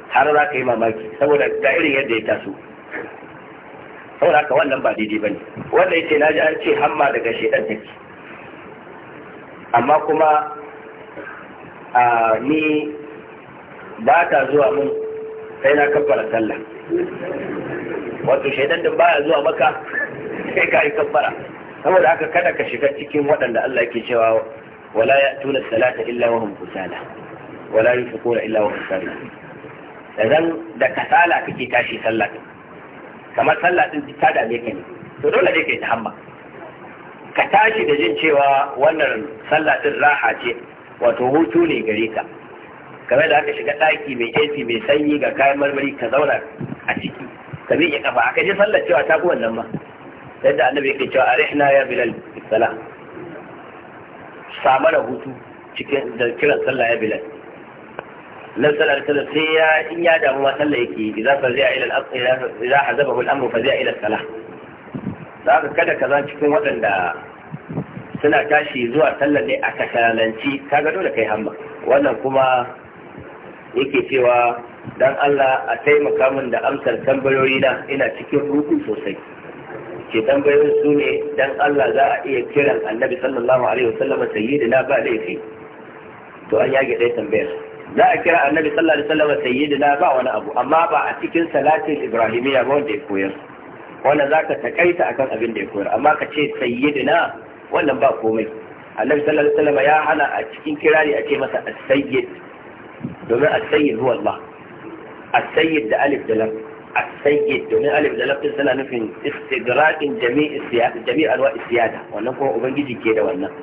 har za ka yi mamaki saboda ga irin yadda ya taso saboda haka wannan ba daidai bane wanda yace na ji an ce hamma daga shedan take amma kuma a ni ba ta zuwa mun sai na kabbara sallah wato shedan din baya zuwa maka sai ka yi kabbara saboda haka kada ka shiga cikin waɗanda Allah yake cewa ولا يأتون الصلاة إلا وهم كسالى ولا ينفقون إلا وهم كارهون idan da kasala kake tashi sallah kamar sallah din ta dame ka to dole ne kai ta hamma ka tashi da jin cewa wannan sallah din raha ce wato hutu ne gare ka kamar da haka shiga ɗaki mai AC mai sanyi ga kayan marmari ka zauna a ciki ka miƙe aka sallar cewa ta ma yadda annabi cewa ya bilal samu hutu cikin da kiran sallah ya bilal nan sallar sallar sai ya in ya damu ma sallah yake idan fa zai ila al-asr idan hazabahu al-amru fa zai ila salah da aka kada kaza cikin waɗanda suna tashi zuwa sallar ne a kalanci kaga dole kai hamma wannan kuma yake cewa dan Allah a taimaka min da amsar tambayoyi na ina cikin ruku sosai ke tambayoyin su ne dan Allah za a iya kiran annabi sallallahu alaihi wasallam sayyidina ba laifi to an yage ɗaya tambayar za a kira annabi sallallahu alaihi wasallam sayyidina ba wani abu amma ba a cikin salatin ibrahimiyya ba wanda ya koyar wannan za ka takaita akan abin da ya koyar amma ka ce sayyidina wannan ba komai annabi sallallahu alaihi wasallam ya hana a cikin kirari a ce masa as-sayyid domin as-sayyid huwa Allah as-sayyid da alif da lam السيد domin alif da lafin tana nufin istigraqin jami' alwa siyada wannan kuma ubangiji ke da wannan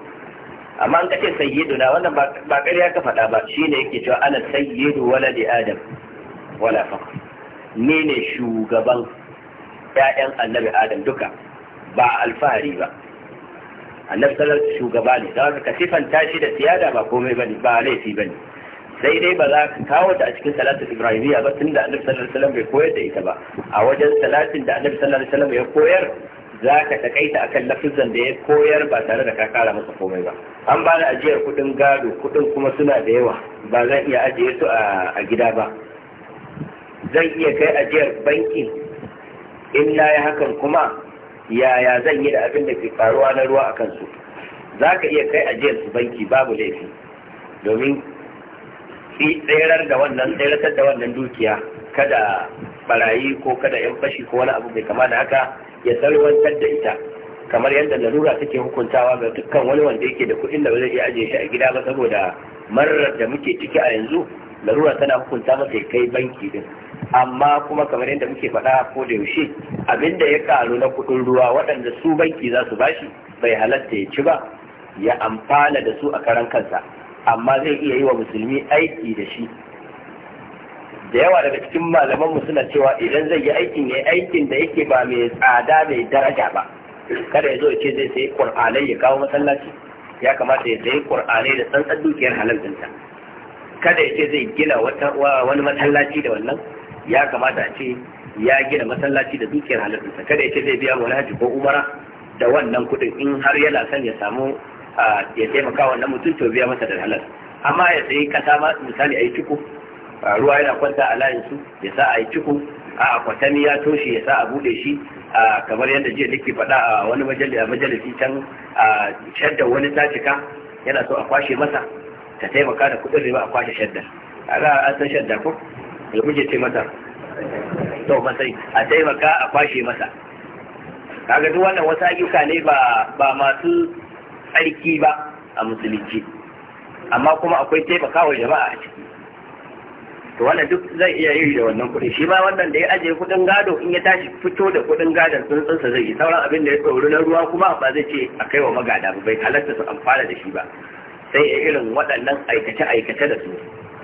amma an kace sayyiduna wannan ba ƙarya ka faɗa ba shine yake cewa ana sayyidu waladi adam wala faqr ni ne shugaban 'ya'yan annabi adam duka ba alfahari ba annabi sallallahu shugaba ne da ka sifanta shi da siyada ba komai bane ba laifi bane sai dai ba za ka kawo ta a cikin salatin ibrahimiyya ba tun da annabi sallallahu alaihi wasallam bai koyar da ita ba a wajen salatin da annabi sallallahu alaihi wasallam ya koyar za ka takaita akan lafizan da ya koyar ba tare da ka kara masa komai ba an ba da ajiyar kudin gado kudin kuma suna da yawa ba zan iya ajiye su a gida ba zan iya kai ajiyar banki in na yi hakan kuma yaya zan yi da abin da ke faruwa na ruwa a kansu za ka iya kai ajiyar su banki babu laifi domin tserar da wannan tseratar da wannan dukiya kada barayi ko kada yan fashi ko wani abu mai kama da haka ya tsarwantar da ita kamar yadda larura take hukuntawa ga dukkan wani wanda yake da kuɗin da ba zai iya ajiye shi a gida ba saboda marar da muke ciki a yanzu larura tana hukunta masa ya kai banki din amma kuma kamar yadda muke faɗa ko da yaushe abinda ya karu na kuɗin ruwa waɗanda su banki za su bashi bai halatta ya ci ba ya amfana da su a karan kansa amma zai iya yi wa musulmi aiki da shi da yawa daga cikin malamanmu suna cewa idan zai yi aikin ya aikin da yake ba mai tsada mai daraja ba kada ya zo ya ce zai sayi qur'anai ya kawo masallaci ya kamata ya sayi qur'anai da tsantsan dukiyar halal dinta kada ya ce zai gina wani masallaci da wannan ya kamata a ce ya gina masallaci da dukiyar halal dinta kada ya ce zai biya wani haji ko umara da wannan kuɗin in har yana son ya samu ya taimaka wannan mutum to biya masa da halal amma ya sayi kasa ma misali a yi cuku ruwa yana kwanta a layin su ya sa a yi cuku a kwatami ya toshe ya sa a bude shi kamar yadda jiya nake faɗa a wani majalisi can a shadda wani tacika yana so a kwashe masa ta taimaka da kuɗin riba a kwashe shadda a ga an san shadda ko ya muke ce masa to masai a taimaka a kwashe masa kaga duk wannan wasu ayyuka ne ba ba masu tsarki ba a musulunci amma kuma akwai taimakawa jama'a a ciki to wannan duk zai iya yi da wannan kuɗi shi ma wannan da ya ajiye kuɗin gado in ya tashi fito da kuɗin gadon tsuntsunsa zai yi sauran abin da ya tsoro na ruwa kuma ba zai ce a kai wa magada ba bai halarta su amfana da shi ba sai irin waɗannan aikace-aikace da su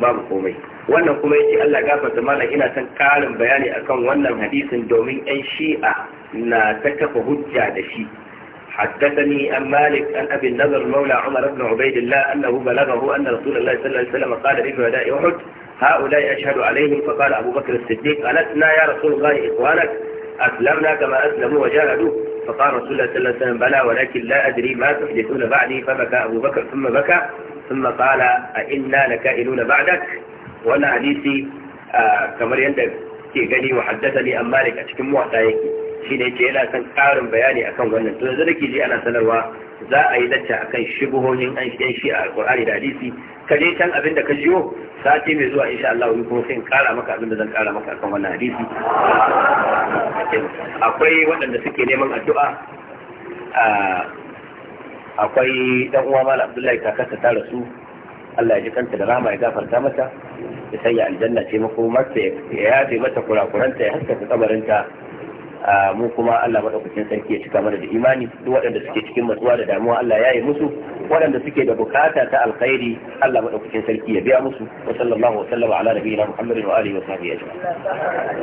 babu komai wannan kuma ce Allah gafarta mana ina son karin bayani akan wannan hadisin domin 'yan shi'a na ta kafa hujja da shi حدثني أم مالك أن أبي النضر مولى عمر بن عبيد الله أنه بلغه أن رسول الله صلى الله عليه وسلم قال في شهداء أحد هؤلاء أشهد عليهم فقال أبو بكر الصديق ألسنا يا رسول الله إخوانك أسلمنا كما أسلموا وجاهدوا فقال رسول الله صلى الله عليه وسلم بلى ولكن لا أدري ما تحدثون بعدي فبكى أبو بكر ثم بكى ثم قال أئنا لكائلون بعدك وأنا حديثي آه، كما يندب ke gani وحدثني أم مالك أشكم وحدايكي shi ne ce yana son ƙarin bayani akan wannan to yanzu nake ana sanarwa za a yi lacca akan shubuhohin an shi shi a alƙur'ani da hadisi ka je can abin da ka jiyo sati mai zuwa insha Allah wani kuma sai in ƙara maka abin da zan ƙara maka akan wannan hadisi akwai waɗanda suke neman addu'a akwai dan uwa mala Abdullahi kakarsa ta rasu Allah ya ji kanta da rahama ya gafarta mata ya sanya aljanna ce mata ya yafe mata kurakuranta ya haskaka kabarinta mu kuma Allah madaukakin sarki ya cika mana da imani duk waɗanda suke cikin matsuwa da damuwa Allah ya yi musu waɗanda suke da bukata ta alkhairi Allah madaukakin sarki ya biya musu wa sallallahu wa sallama ala nabiyina Muhammadin wa alihi wa sahbihi ajma'in